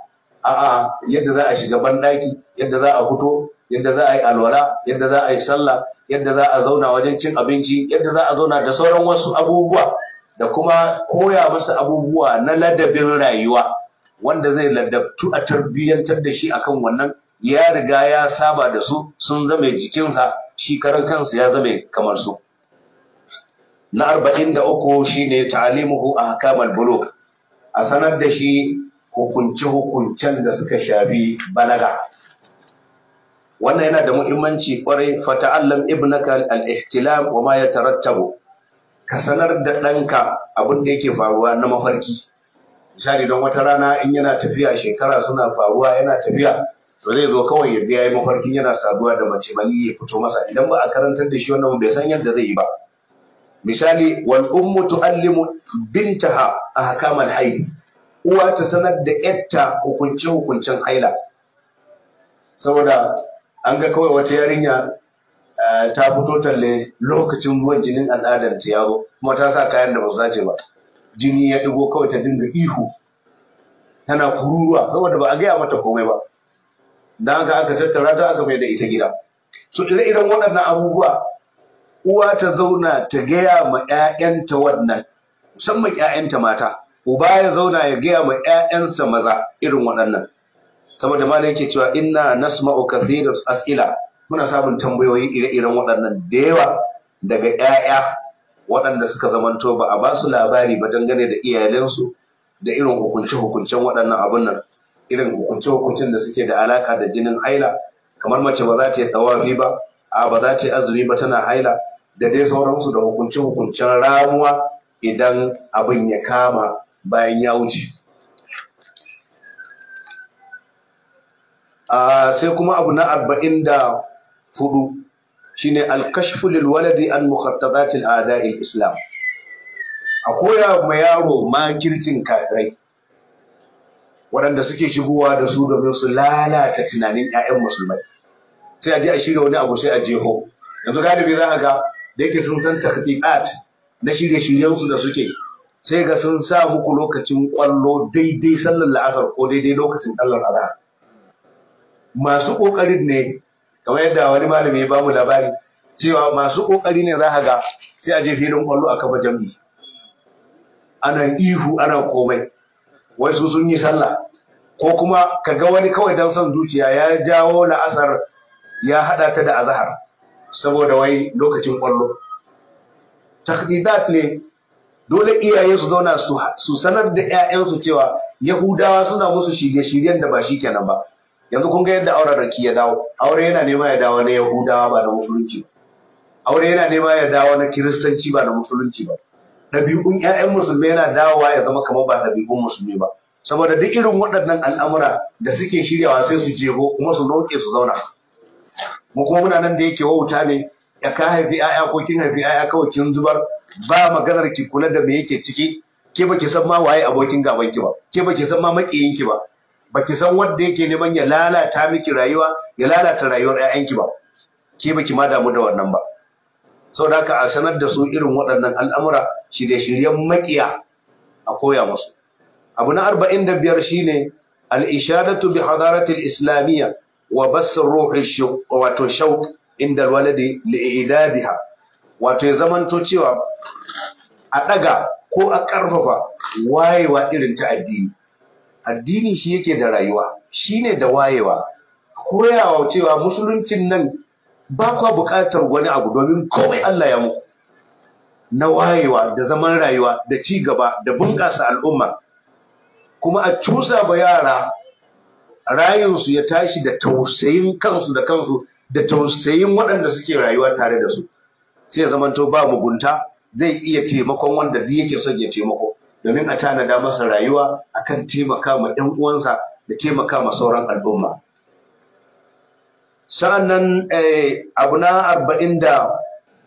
a'a yadda za a shiga banɗaki yadda za a fito yadda za a yi alwala yadda za a yi sallah yadda za a zauna wajen cin abinci yadda za a zauna da sauran wasu abubuwa da kuma koya masa abubuwa na ladabin rayuwa wanda zai ladabtu a tarbiyyantar da shi akan wannan ya riga ya saba da su sun zame jikinsa shi karan kansa ya zame kamar su na arba'in da uku shine ta'alimuhu a hakamal bulo, a sanar da shi hukunce hukuncen da suka shafi balaga wannan yana da muhimmanci kwarai fata'allam ibnaka al-ihtilam wa ma yatarattabu ka sanar da ɗanka abin da yake faruwa na mafarki misali don wata rana in yana tafiya shekara suna faruwa yana tafiya to zai zo kawai ya yi mafarkin yana saduwa da mace mani ya fito masa idan ba a karantar da shi wannan bai san yadda zai yi ba misali wal ummu tuallimu bintaha ahkamal haid uwa ta sanar da yatta hukunce hukuncen haila saboda an ga kawai wata yarinya eh, ta fito talle lokacin ruwan jinin al'adar ta yaro kuma ta sa kayan da ba su dace ba jini ya ɗigo kawai ta dinga ihu tana kururuwa saboda ba a gaya mata komai ba da haka aka tattara ta aka mai da ita gida su ire iren waɗannan abubuwa uwa ta zauna ta gaya ma 'ya'yanta wannan musamman ƴaƴanta mata uba ya zauna ya gaya ma 'ya'yansa maza irin waɗannan saboda malam yake cewa inna nasma'u kathirat as'ila muna samun tambayoyi ire-iren waɗannan da yawa daga 'ya'ya waɗanda suka zamanto ba a basu labari ba dangane da iyalansu da irin hukunce-hukuncen waɗannan abun irin hukunce-hukuncen da suke da alaka da jinin haila kamar mace ba za ta yi ɗawafi ba a ba za ta yi azumi ba tana haila da dai sauransu da hukunce-hukuncen ramuwa idan abin ya kama bayan ya wuce ah, sai kuma abu na arba'in da fudu. shine al lil waladi an mukhattabatil al islam a koya ma yaro makircin kafirai waɗanda suke shigowa da su domin su lalata tunanin 'ya'yan musulmai sai a je a shirya wani abu sai a jeho yanzu galibi za a ga da yake sun san tahqiqat na shirye-shiryen su da suke sai ga sun sa muku lokacin kwallo daidai sallar la'asar ko daidai lokacin sallar azhar masu kokarin ne kamar yadda wani malami ya bamu labari cewa masu kokari ne za ka ga sai a je filin kwallo a kafa jam'i ana ihu ana komai wai su sun yi sallah ko kuma ka ga wani kawai dan son zuciya ya jawo la'asar ya hada ta da azahar saboda wai lokacin kwallo takdidat ne dole iyaye su zauna su sanar da 'ya'yansu cewa yahudawa suna musu shirye-shiryen da ba shi kenan ba yanzu kun ga yadda auren raki ya dawo aure yana nema ya dawo na yahudawa ba na musulunci ba aure yana nema ya dawo na kiristanci ba na musulunci ba ɗabi'un 'ya'yan musulmi yana dawowa ya zama kamar ba ɗabi'un musulmi ba saboda duk irin waɗannan al'amura da suke shiryawa sai su jego kuma su roƙe su zauna mu kuma muna nan da yake wauta ne ya ka haifi 'ya'ya ko kin haifi 'ya'ya kawai kin zubar ba maganar ki kula da me yake ciki ke baki san ma waye abokin gaban ki ba ke baki san ma makiyin ki ba Ba ki san wanda yake neman ya lalata miki rayuwa ya lalata rayuwar ƴaƴanki ba ke ki ma damu da wannan ba da haka a sanar da su irin waɗannan al'amura shirye-shiryen maƙiya a koya musu abu na arba'in da biyar shi ne, ishadatu bi hadarati islamiyya wa basar ruhi wato shauq inda waladi li'idadiha wato ya zamanto cewa a ɗaga ko a ƙarfafa wayewa irin ta addini addini shi yake da rayuwa shi ne da wayewa koyawa cewa musuluncin nan ba kwa buƙatar wani abu domin komai Allah ya muku na wayewa da zaman rayuwa da ci gaba da bunƙasa al'umma kuma a cusa ba yara rayunsu ya tashi da tausayin kansu da kansu da tausayin waɗanda suke rayuwa tare da su sai zamanto ba mugunta zai iya taimakon wanda duk yake son ya taimako domin a tanada masa rayuwa akan taimaka ma ɗan uwansa da taimaka ma sauran al'umma nan eh, abu na arba'in da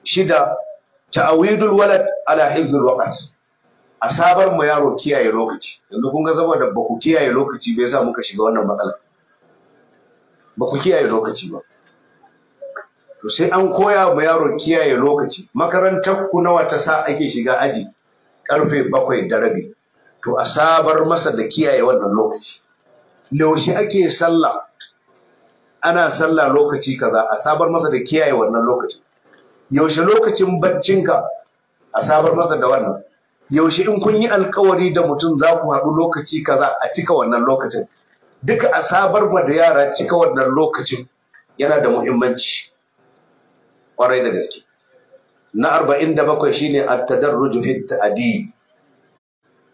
shida ta'awidul walad ala hibzin waqt a sabar mu yaro kiyaye lokaci yanzu kun ga saboda ba ku kiyaye lokaci bai sa muka shiga wannan matsala ba ku kiyaye lokaci ba to sai an koya ma yaro kiyaye lokaci makarantar ku nawa ta sa ake shiga aji karfe bakwai da rabi to a sabar masa da kiyaye wannan lokaci yaushe ake sallah ana sallah lokaci kaza a sabar masa da kiyaye wannan lokaci yaushe lokacin baccinka a sabar masa da wannan yaushe in kun yi alkawari da mutum za ku haɗu lokaci kaza a cika wannan lokacin duka a sabar ma da yara cika wannan lokacin yana da muhimmanci ƙwarai da gaske na 47 shine at-tadarruj hita ta'di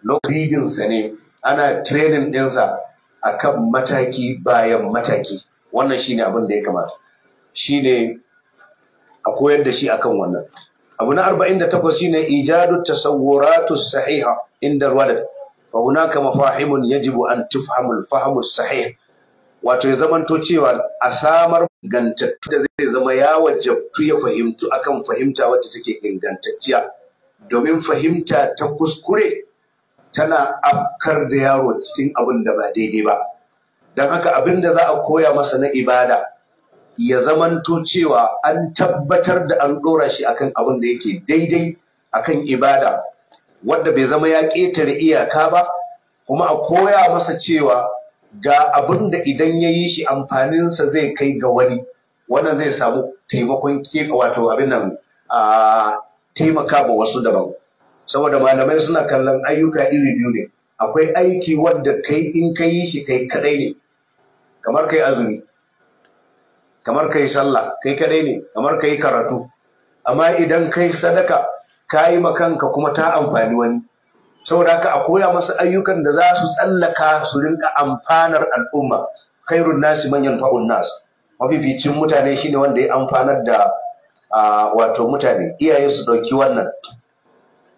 lokacin Lokacinsa ne ana training ɗinsa a kan mataki bayan mataki wannan shine abin da ya kamata shine a koyar da shi akan wannan abu na arba'in da takwas shine ijadu tasawwuratu sahiha inda alwalad fa hunaka mafahimun yajibu an tufhamu al-fahmu sahih wato ya zamanto cewa a samar ingantattu da zai zama ya wajabtu ya fahimtu akan fahimta wacce take ingantacciya domin fahimta ta kuskure tana afkar da yaro cikin abin da ba daidai ba don haka abin da za a koya masa na ibada ya zamanto cewa an tabbatar da an ɗora shi akan abin da yake daidai akan ibada wadda bai zama ya ƙetare iyaka ba kuma a koya masa cewa ga abinda idan ya yi shi amfaninsa zai kai ga wani wannan zai samu taimakon keɓe wato abin nan a taimaka ba wasu daban saboda malamai suna kallon ayyuka iri biyu ne akwai aiki wadda kai in ka yi shi kai kadai ne kamar kai azumi kamar kai sallah kai kadai ne kamar kai karatu amma idan kai sadaka ka yi makanka kuma ta amfani wani saboda haka a koya masu ayyukan da za su tsallaka su rinka amfanar al'umma khairun nasi man yanfa'un nas mafificin mutane shine wanda ya amfanar da wato mutane iyaye su dauki wannan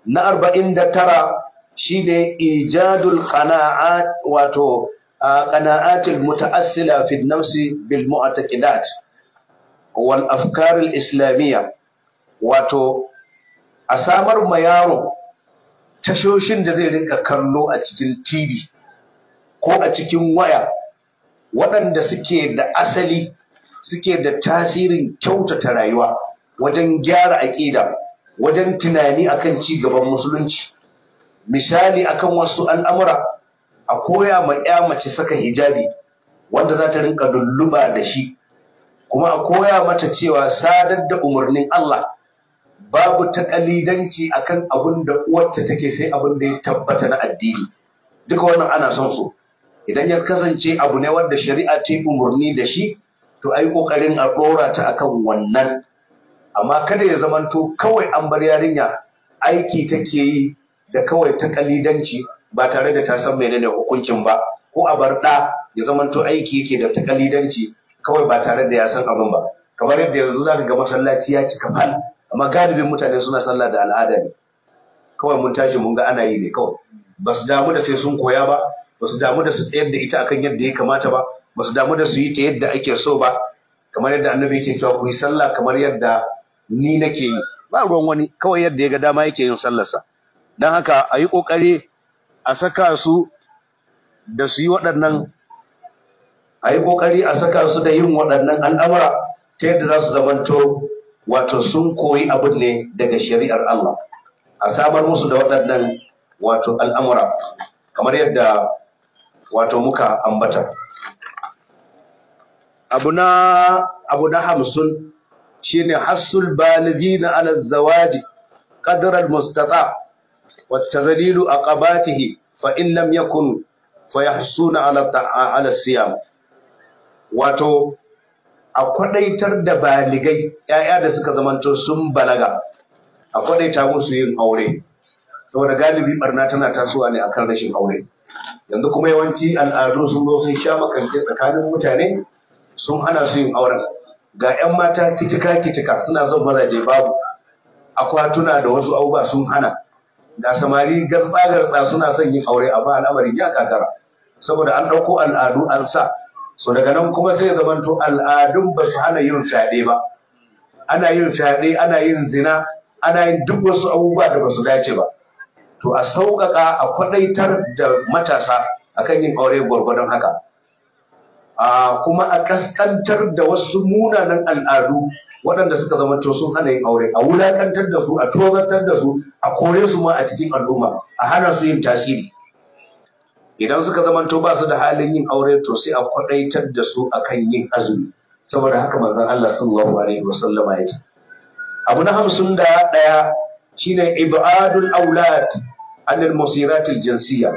na arba'in da tara shine ijadul qana'at wato qana'atil muta'assila fi nafsi bil mu'taqidat wal afkar al islamiyya wato a samar ma yaro tashoshin da zai rinka kallo a cikin TV ko a cikin waya waɗanda suke da asali suke da tasirin kyautata rayuwa wajen gyara aƙida wajen tunani akan ci gaban musulunci misali akan wasu al'amura a koya ma 'ya mace saka hijabi wanda za ta rinka lulluba da shi kuma a koya mata cewa sadar da umarnin Allah babu takalidanci kan abin da uwarta take sai abin da ya tabbata na addini duka wannan ana son su idan ya kasance abu ne wanda shari'a ta umarni da shi to ai kokarin a ɗora ta akan wannan amma kada ya zamanto kawai an bar yarinya aiki take yi da kawai ta kalidanci ba tare da ta san menene hukuncin ba ko a bar ɗa ya zamanto aiki yake da ta kawai ba tare da ya san abin ba kamar yadda yanzu za ka ga masallaci ya cika fal amma galibin mutane suna sallah da al'ada ne kawai mun tashi mun ga ana yi ne kawai ba su damu da sai sun koya ba ba su damu da su tsayar da ita akan yadda ya kamata ba ba su damu da su yi ta yadda ake so ba kamar yadda annabi yake cewa ku yi sallah kamar yadda ni nake yi ba ruwan wani kawai yadda ya ga dama yake yin sallarsa don haka a yi ƙoƙari a saka su da su yi waɗannan a yi kokari a saka su da yin waɗannan al'amura ta yadda za su zamanto wato sun koyi abin ne daga shari'ar Allah a samar musu da waɗannan wato al'amura kamar yadda wato muka ambata abu na abu na hamsin shine hassul balidina ala zawaji qadra al mustata wa tazlilu aqabatihi fa in lam yakun fayahsuna ala ala siyam wato a kwadaitar da baligai ‘ya'ya da suka zamanto sun balaga a kwadaita musu yin aure saboda galibi barna tana tasowa ne akan rashin aure yanzu kuma yawanci al'adu sun zo sun sha makance tsakanin mutane sun hana su yin auren ga 'yan mata kitika kitika suna son mazaje babu akwatuna da wasu abubuwa sun hana da samari gartsa gartsa suna son yin aure a ba al'amarin ya kakara saboda an ɗauko al'adu an sa so daga nan kuma sai zamanto al'adun ba su hana yin fyaɗe ba ana yin fyaɗe ana yin zina ana yin duk wasu abubuwa da ba su dace ba to a sauƙaƙa a kwaɗaitar da matasa akan yin aure gwargwadon haka a kuma a ƙasƙantar da wasu munanan al'adu waɗanda suka zama to sun hana yin aure a wulaƙantar da su a tozartar da su a kore su ma a cikin al'umma a hana su yin tasiri idan suka zamanto ba su da halin yin aure to sai a kwadaitar da su akan yin azumi saboda haka manzon Allah sallallahu alaihi wasallama ya ce abu na hamsin da daya shine ibadul aulad anil musiratil jinsiya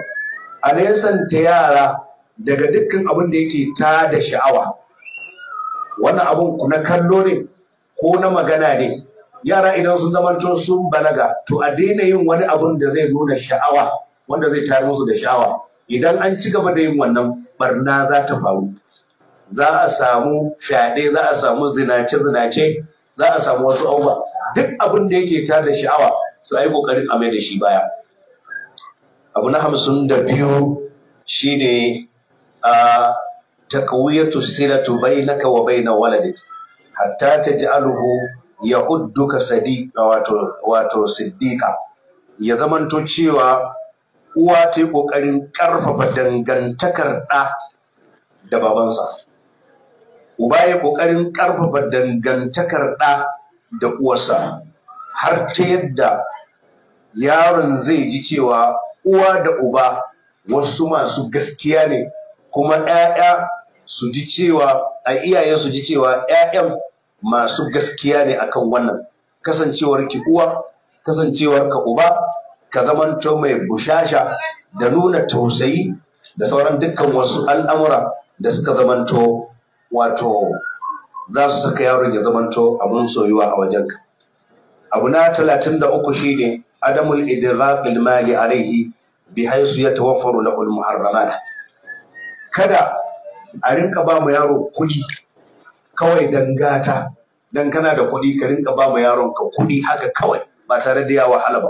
a ta yara daga dukkan abin da yake ta da sha'awa wannan abun na kallo ne ko na magana ne yara idan sun zamanto sun balaga to a daina yin wani abun da zai nuna sha'awa wanda zai tare musu da sha'awa idan an ci gaba da yin wannan barna za ta faru za a samu fyaɗe za a samu zinace-zinace za a samu wasu abubuwa duk abin da yake da sha'awa to a yi ƙoƙarin a mai da shi baya abu na hamsin da biyu shi ne, a takawiyatu silatu kawo bai na waladik hatta ta ji taj'aluhu yahudduka sadiqa wato wato siddika, ya zamanto cewa uwa ta yi ƙoƙarin ƙarfafa dangantakar ɗa da babansa uba ya ƙoƙarin ƙarfafa dangantakar ɗa da uwarsa har ta yadda yaron zai ji cewa uwa da uba wasu masu gaskiya ne kuma ‘ya'ya su ji cewa a iyaye su ji cewa ‘ya'yan masu gaskiya ne akan wannan kasancewar ki uwa kasancewar ka uba ka zamanto mai bushasha da nuna tausayi da sauran dukkan wasu al'amura da suka zamanto wato za su saka yaro ya zamanto abun soyuwa a wajenka abu na talatin da uku shine adamul idraqil mali alaihi bi haisu ya tawaffaru lahul muharramat kada a rinka ba mu yaro kuɗi kawai dangata dan kana da kuɗi ka rinka ba mu yaron ka kuɗi haka kawai ba tare da ya wahala ba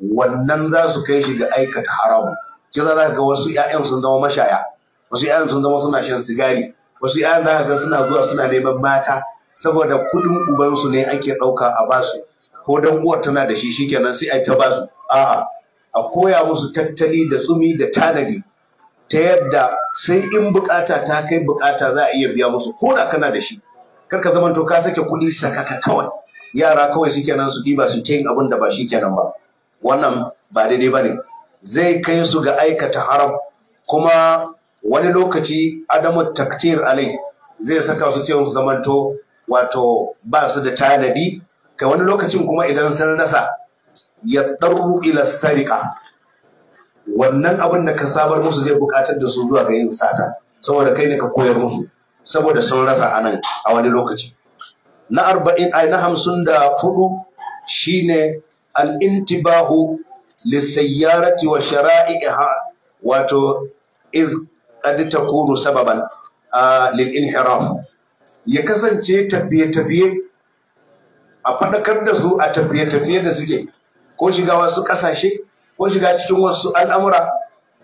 wannan za su kai shi ga aikata haramu ki za ka ga wasu ƴaƴan sun zama mashaya wasu ƴaƴan sun zama suna shan sigari wasu ƴaƴan za ka ga suna zuwa suna neman mata saboda kuɗin ubansu ne ake ɗauka a basu ko dan uwar tana da shi shikenan sai ai ta basu a'a a koya musu tattali da tsumi da tanadi ta yadda sai in bukata ta kai bukata za a iya biya musu ko da kana da shi kar ka zamanto ka sake kuɗi sakaka kawai yara kawai shikenan su diba su ta yin abin da ba shikenan ba wannan ba daidai ba ne zai kai su ga aikata haram kuma wani lokaci adamu taktir alai zai saka su cewa su zamanto wato ba su da tanadi kai wani lokacin kuma idan sun rasa ya ɗarru ila sarika wannan abin da ka sabar musu zai buƙatar da su zuwa ga yin sata saboda kai ne ka koyar musu saboda sun rasa anan a wani lokaci na arba'in ai na hamsin da fudu shine al'intibahu lissayyarati wa shara'i'iha wato iz ƙadita kuru sababan lil inhiraf ya kasance tafiye-tafiye a faɗakar da su a tafiye-tafiye da suke ko shiga wasu ƙasashe ko shiga cikin wasu al'amura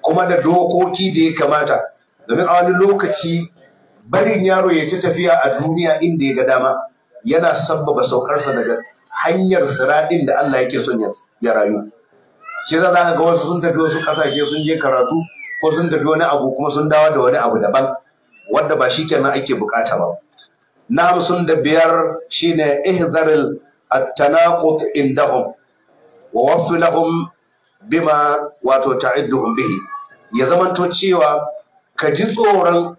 kuma da dokoki da ya kamata domin a wani lokaci barin yaro ya ci tafiya a duniya inda ya ga dama yana sabbaba saukarsa daga hanyar siraɗin da Allah yake son ya rayu shi za ka ga wasu sun tafi wasu ƙasashe sun je karatu ko sun tafi wani abu kuma sun dawo da wani abu daban wanda ba shi kenan ake bukata ba na hamsin da biyar shine ihzaril at-tanaqut indahum wa waffi bima wato ta'idduhum bihi ya zamanto cewa ka ji tsoron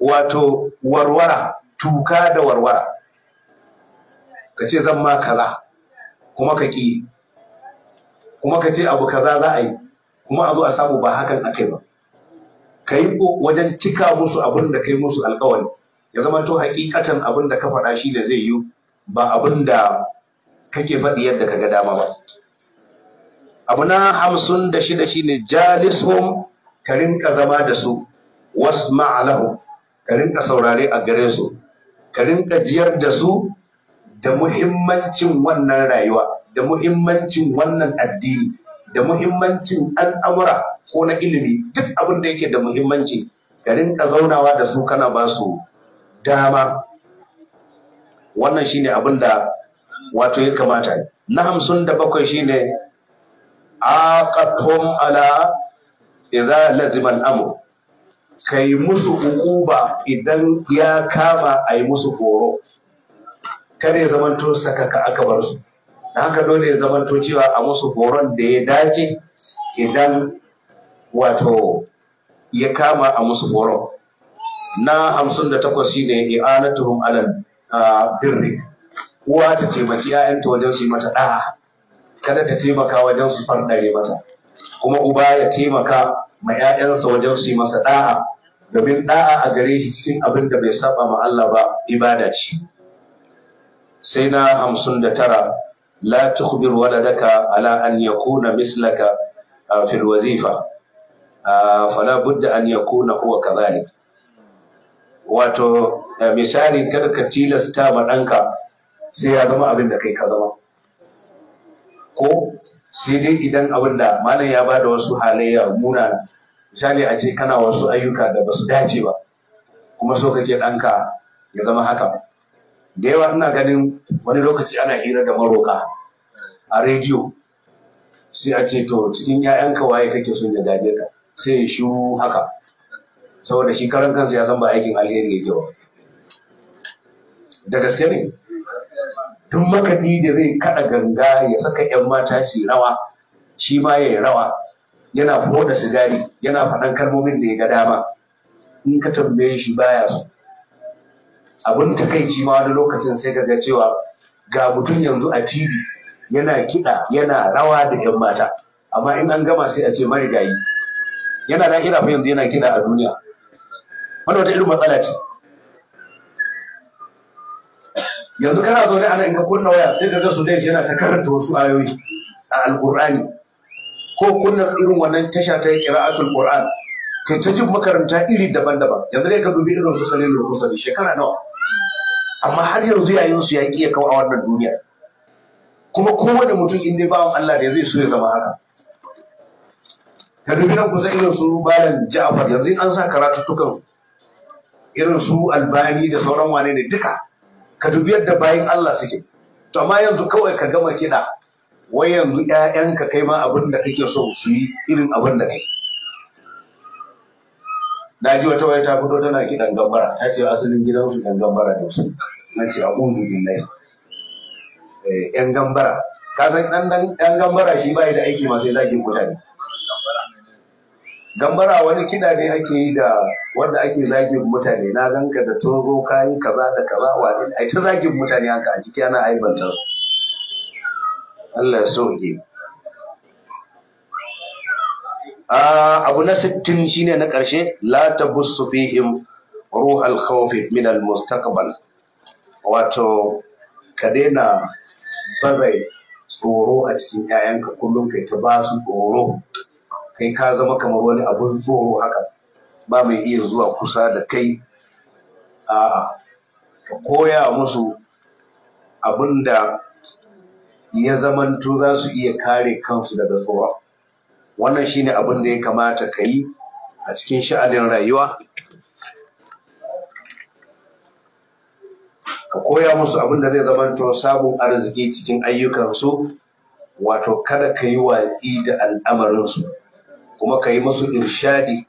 wato warwara tuka da warwara ka ce zan ma kaza kuma ka ƙi kuma ka ce abu kaza za a yi kuma a zo a samu ba hakan aka yi ba ka yi wajen cika musu abin da ka musu alkawari ya zama to hakikatan abin da ka faɗa shi da zai yi ba abin da kake faɗi yadda ka ga dama ba abu na hamsin da shida shine jalisum ka rinka zama da su Wasu-Ma'alahu, ka rinka saurare a gare su ka rinka jiyar da su da muhimmancin wannan rayuwa da muhimmancin wannan addini da muhimmancin al'amura ko na ilimi duk abin da yake da muhimmanci ka rinka zaunawa da su kana ba su dama wannan shine abin da wato ya kamata na hamsin da bakwai shine aqatum ala idza lazima al ka kai musu hukuba idan ya kama a yi musu horo kada ya zamanto sakaka aka bar su da haka dole ya zamanto cewa a musu horon da ya dace idan wato ya kama a musu horon na hamsin da takwas shi ne i'anatuhum alal birri uwa ta taimaki 'ya'yanta wajen su mata ɗa'a kada ta taimaka wajen su farɗare mata kuma uba ya taimaka ma 'ya'yansa wajen su masa ɗa'a domin ɗa'a a gare shi cikin abin da bai saba ma Allah ba ibada ce sai na hamsin da tara la tukhbir waladaka ala an yakuna mislaka fi alwazifa fala budda an yakuna huwa kadhalik wato eh, misali kada ka tilasta ma ɗanka sai ya zama abin da kai ka zama ko sai dai idan abin da malam ya bada wasu halayya muna misali a ce kana wasu ayyuka da basu dace ba kuma so kake ɗanka ya zama haka da yawa ina ganin wani lokaci ana hira da maroka a rediyo sai a ce to cikin 'ya'yanka waye kake son ya gaje ka sai ya shiru haka saboda shi karan kansa ya san ba aikin alheri yake ba da gaske ne duk makaɗi da zai kaɗa ganga ya saka 'yan mata shi rawa shi ma ya rawa yana da sigari yana faɗan kalmomin da ya ga dama in ka tambaye shi baya so abin takaici ma wani lokacin sai ka ga cewa ga mutum yanzu a TV yana kiɗa yana rawa da 'yan mata amma in an gama sai a ce marigayi yana na kira fa yanzu yana kiɗa a duniya wanda wata irin matsala ce yanzu kana zaune ana in ka kunna waya sai ka ga su dai yana ta karanta wasu ayoyi a alƙur'ani ko kunna irin wannan tasha ta qira'atul qur'an kai ta jin makaranta iri daban-daban yanzu dai ka dubi irin su Khalilul Kusari shekara nawa amma har yanzu yayin su ya ya kawo a wannan duniya kuma kowane mutum in dai bawan Allah da zai so ya zama haka ka dubi nan kusa irin su Balan Ja'far yanzu an sa tukan irin su Albani da sauran wane ne duka ka dubi yadda bayin Allah suke to amma yanzu kawai ka gama kiɗa wai yanzu 'ya'yanka kai ma abin da kake so su yi irin abin da kai na ji wata waya ta fito tana kiɗan gambara ta ce asalin gidansu ɗan gambara da su na ce a uzu billahi eh, yan gambara ka san ɗan gambara shi bai da aiki ma sai zagin mutane gambara wani kiɗa ne ake yi da wanda ake zagin mutane na ganka da tunzo kayi kaza da kaza wani ai ta zagin mutane haka a ciki ana aibanta Allah ya so ke. abu na sittin shine na ƙarshe la busu fihim ruhal khawfi min al mustaqbal wato ka daina bazai tsoro a cikin 'ya'yanka kullum kai ta ba tsoro kai ka zama kamar wani abun tsoro haka ba mai iya zuwa kusa da kai a ka koya musu abin da ya zamantu za su iya kare kansu daga tsoro. wannan shine abin da ya kamata ka yi a cikin sha'anin rayuwa ka koya musu abin da zai zamanto samun arziki cikin ayyukansu wato kada ka yi watsi da al'amarinsu kuma ka yi musu irshadi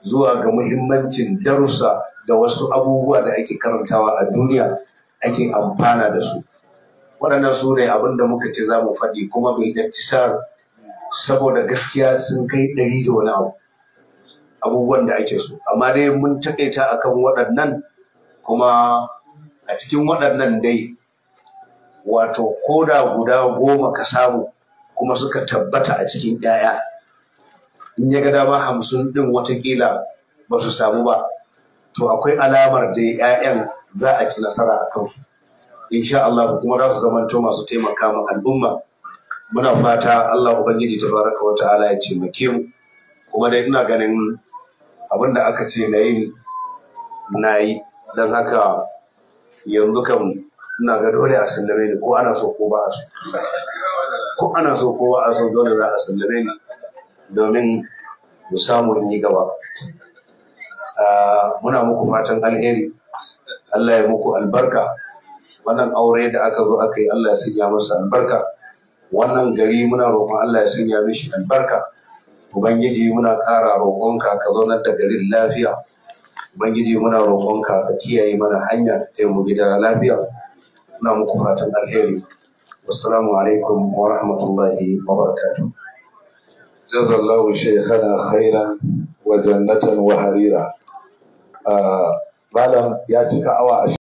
zuwa ga muhimmancin darussa da wasu abubuwa da ake karantawa a duniya ake amfana da su waɗannan su ne abin da muka ce za mu faɗi kuma bai da saboda gaskiya sun kai ɗari da wani abu abubuwan da ake so amma dai mun taƙaita akan waɗannan kuma a cikin waɗannan dai wato koda guda goma ka samu kuma suka tabbata a cikin ɗaya in ya ga dama hamsin ɗin watakila ba su samu ba to akwai alamar da 'ya'yan za a ci nasara a kansu insha Allah kuma za su zamanto masu taimaka ma al'umma muna fata Allah ubangiji baraka wa ta'ala ya ce mu kuma dai ina ganin abin da aka ce na yi na yi don haka yanzu kan ina ga dole a sallame ni ko ana so ko ba a so ko ana so ko ba a so dole za a sallame ni domin mu samu yi gaba muna muku fatan alheri Allah ya muku albarka wannan aure da aka zo aka yi Allah ya siya masa albarka wannan gari muna roƙon Allah ya sanya mishi albarka ubangiji muna ƙara roƙonka ka zaunar da garin lafiya ubangiji muna roƙonka ka kiyaye mana hanya ta mu gida lafiya muna muku fatan alheri wassalamu alaikum wa rahmatullahi wa barakatuh jazallahu shaykhana khairan wa jannatan wa harira ah, malam ya cika awa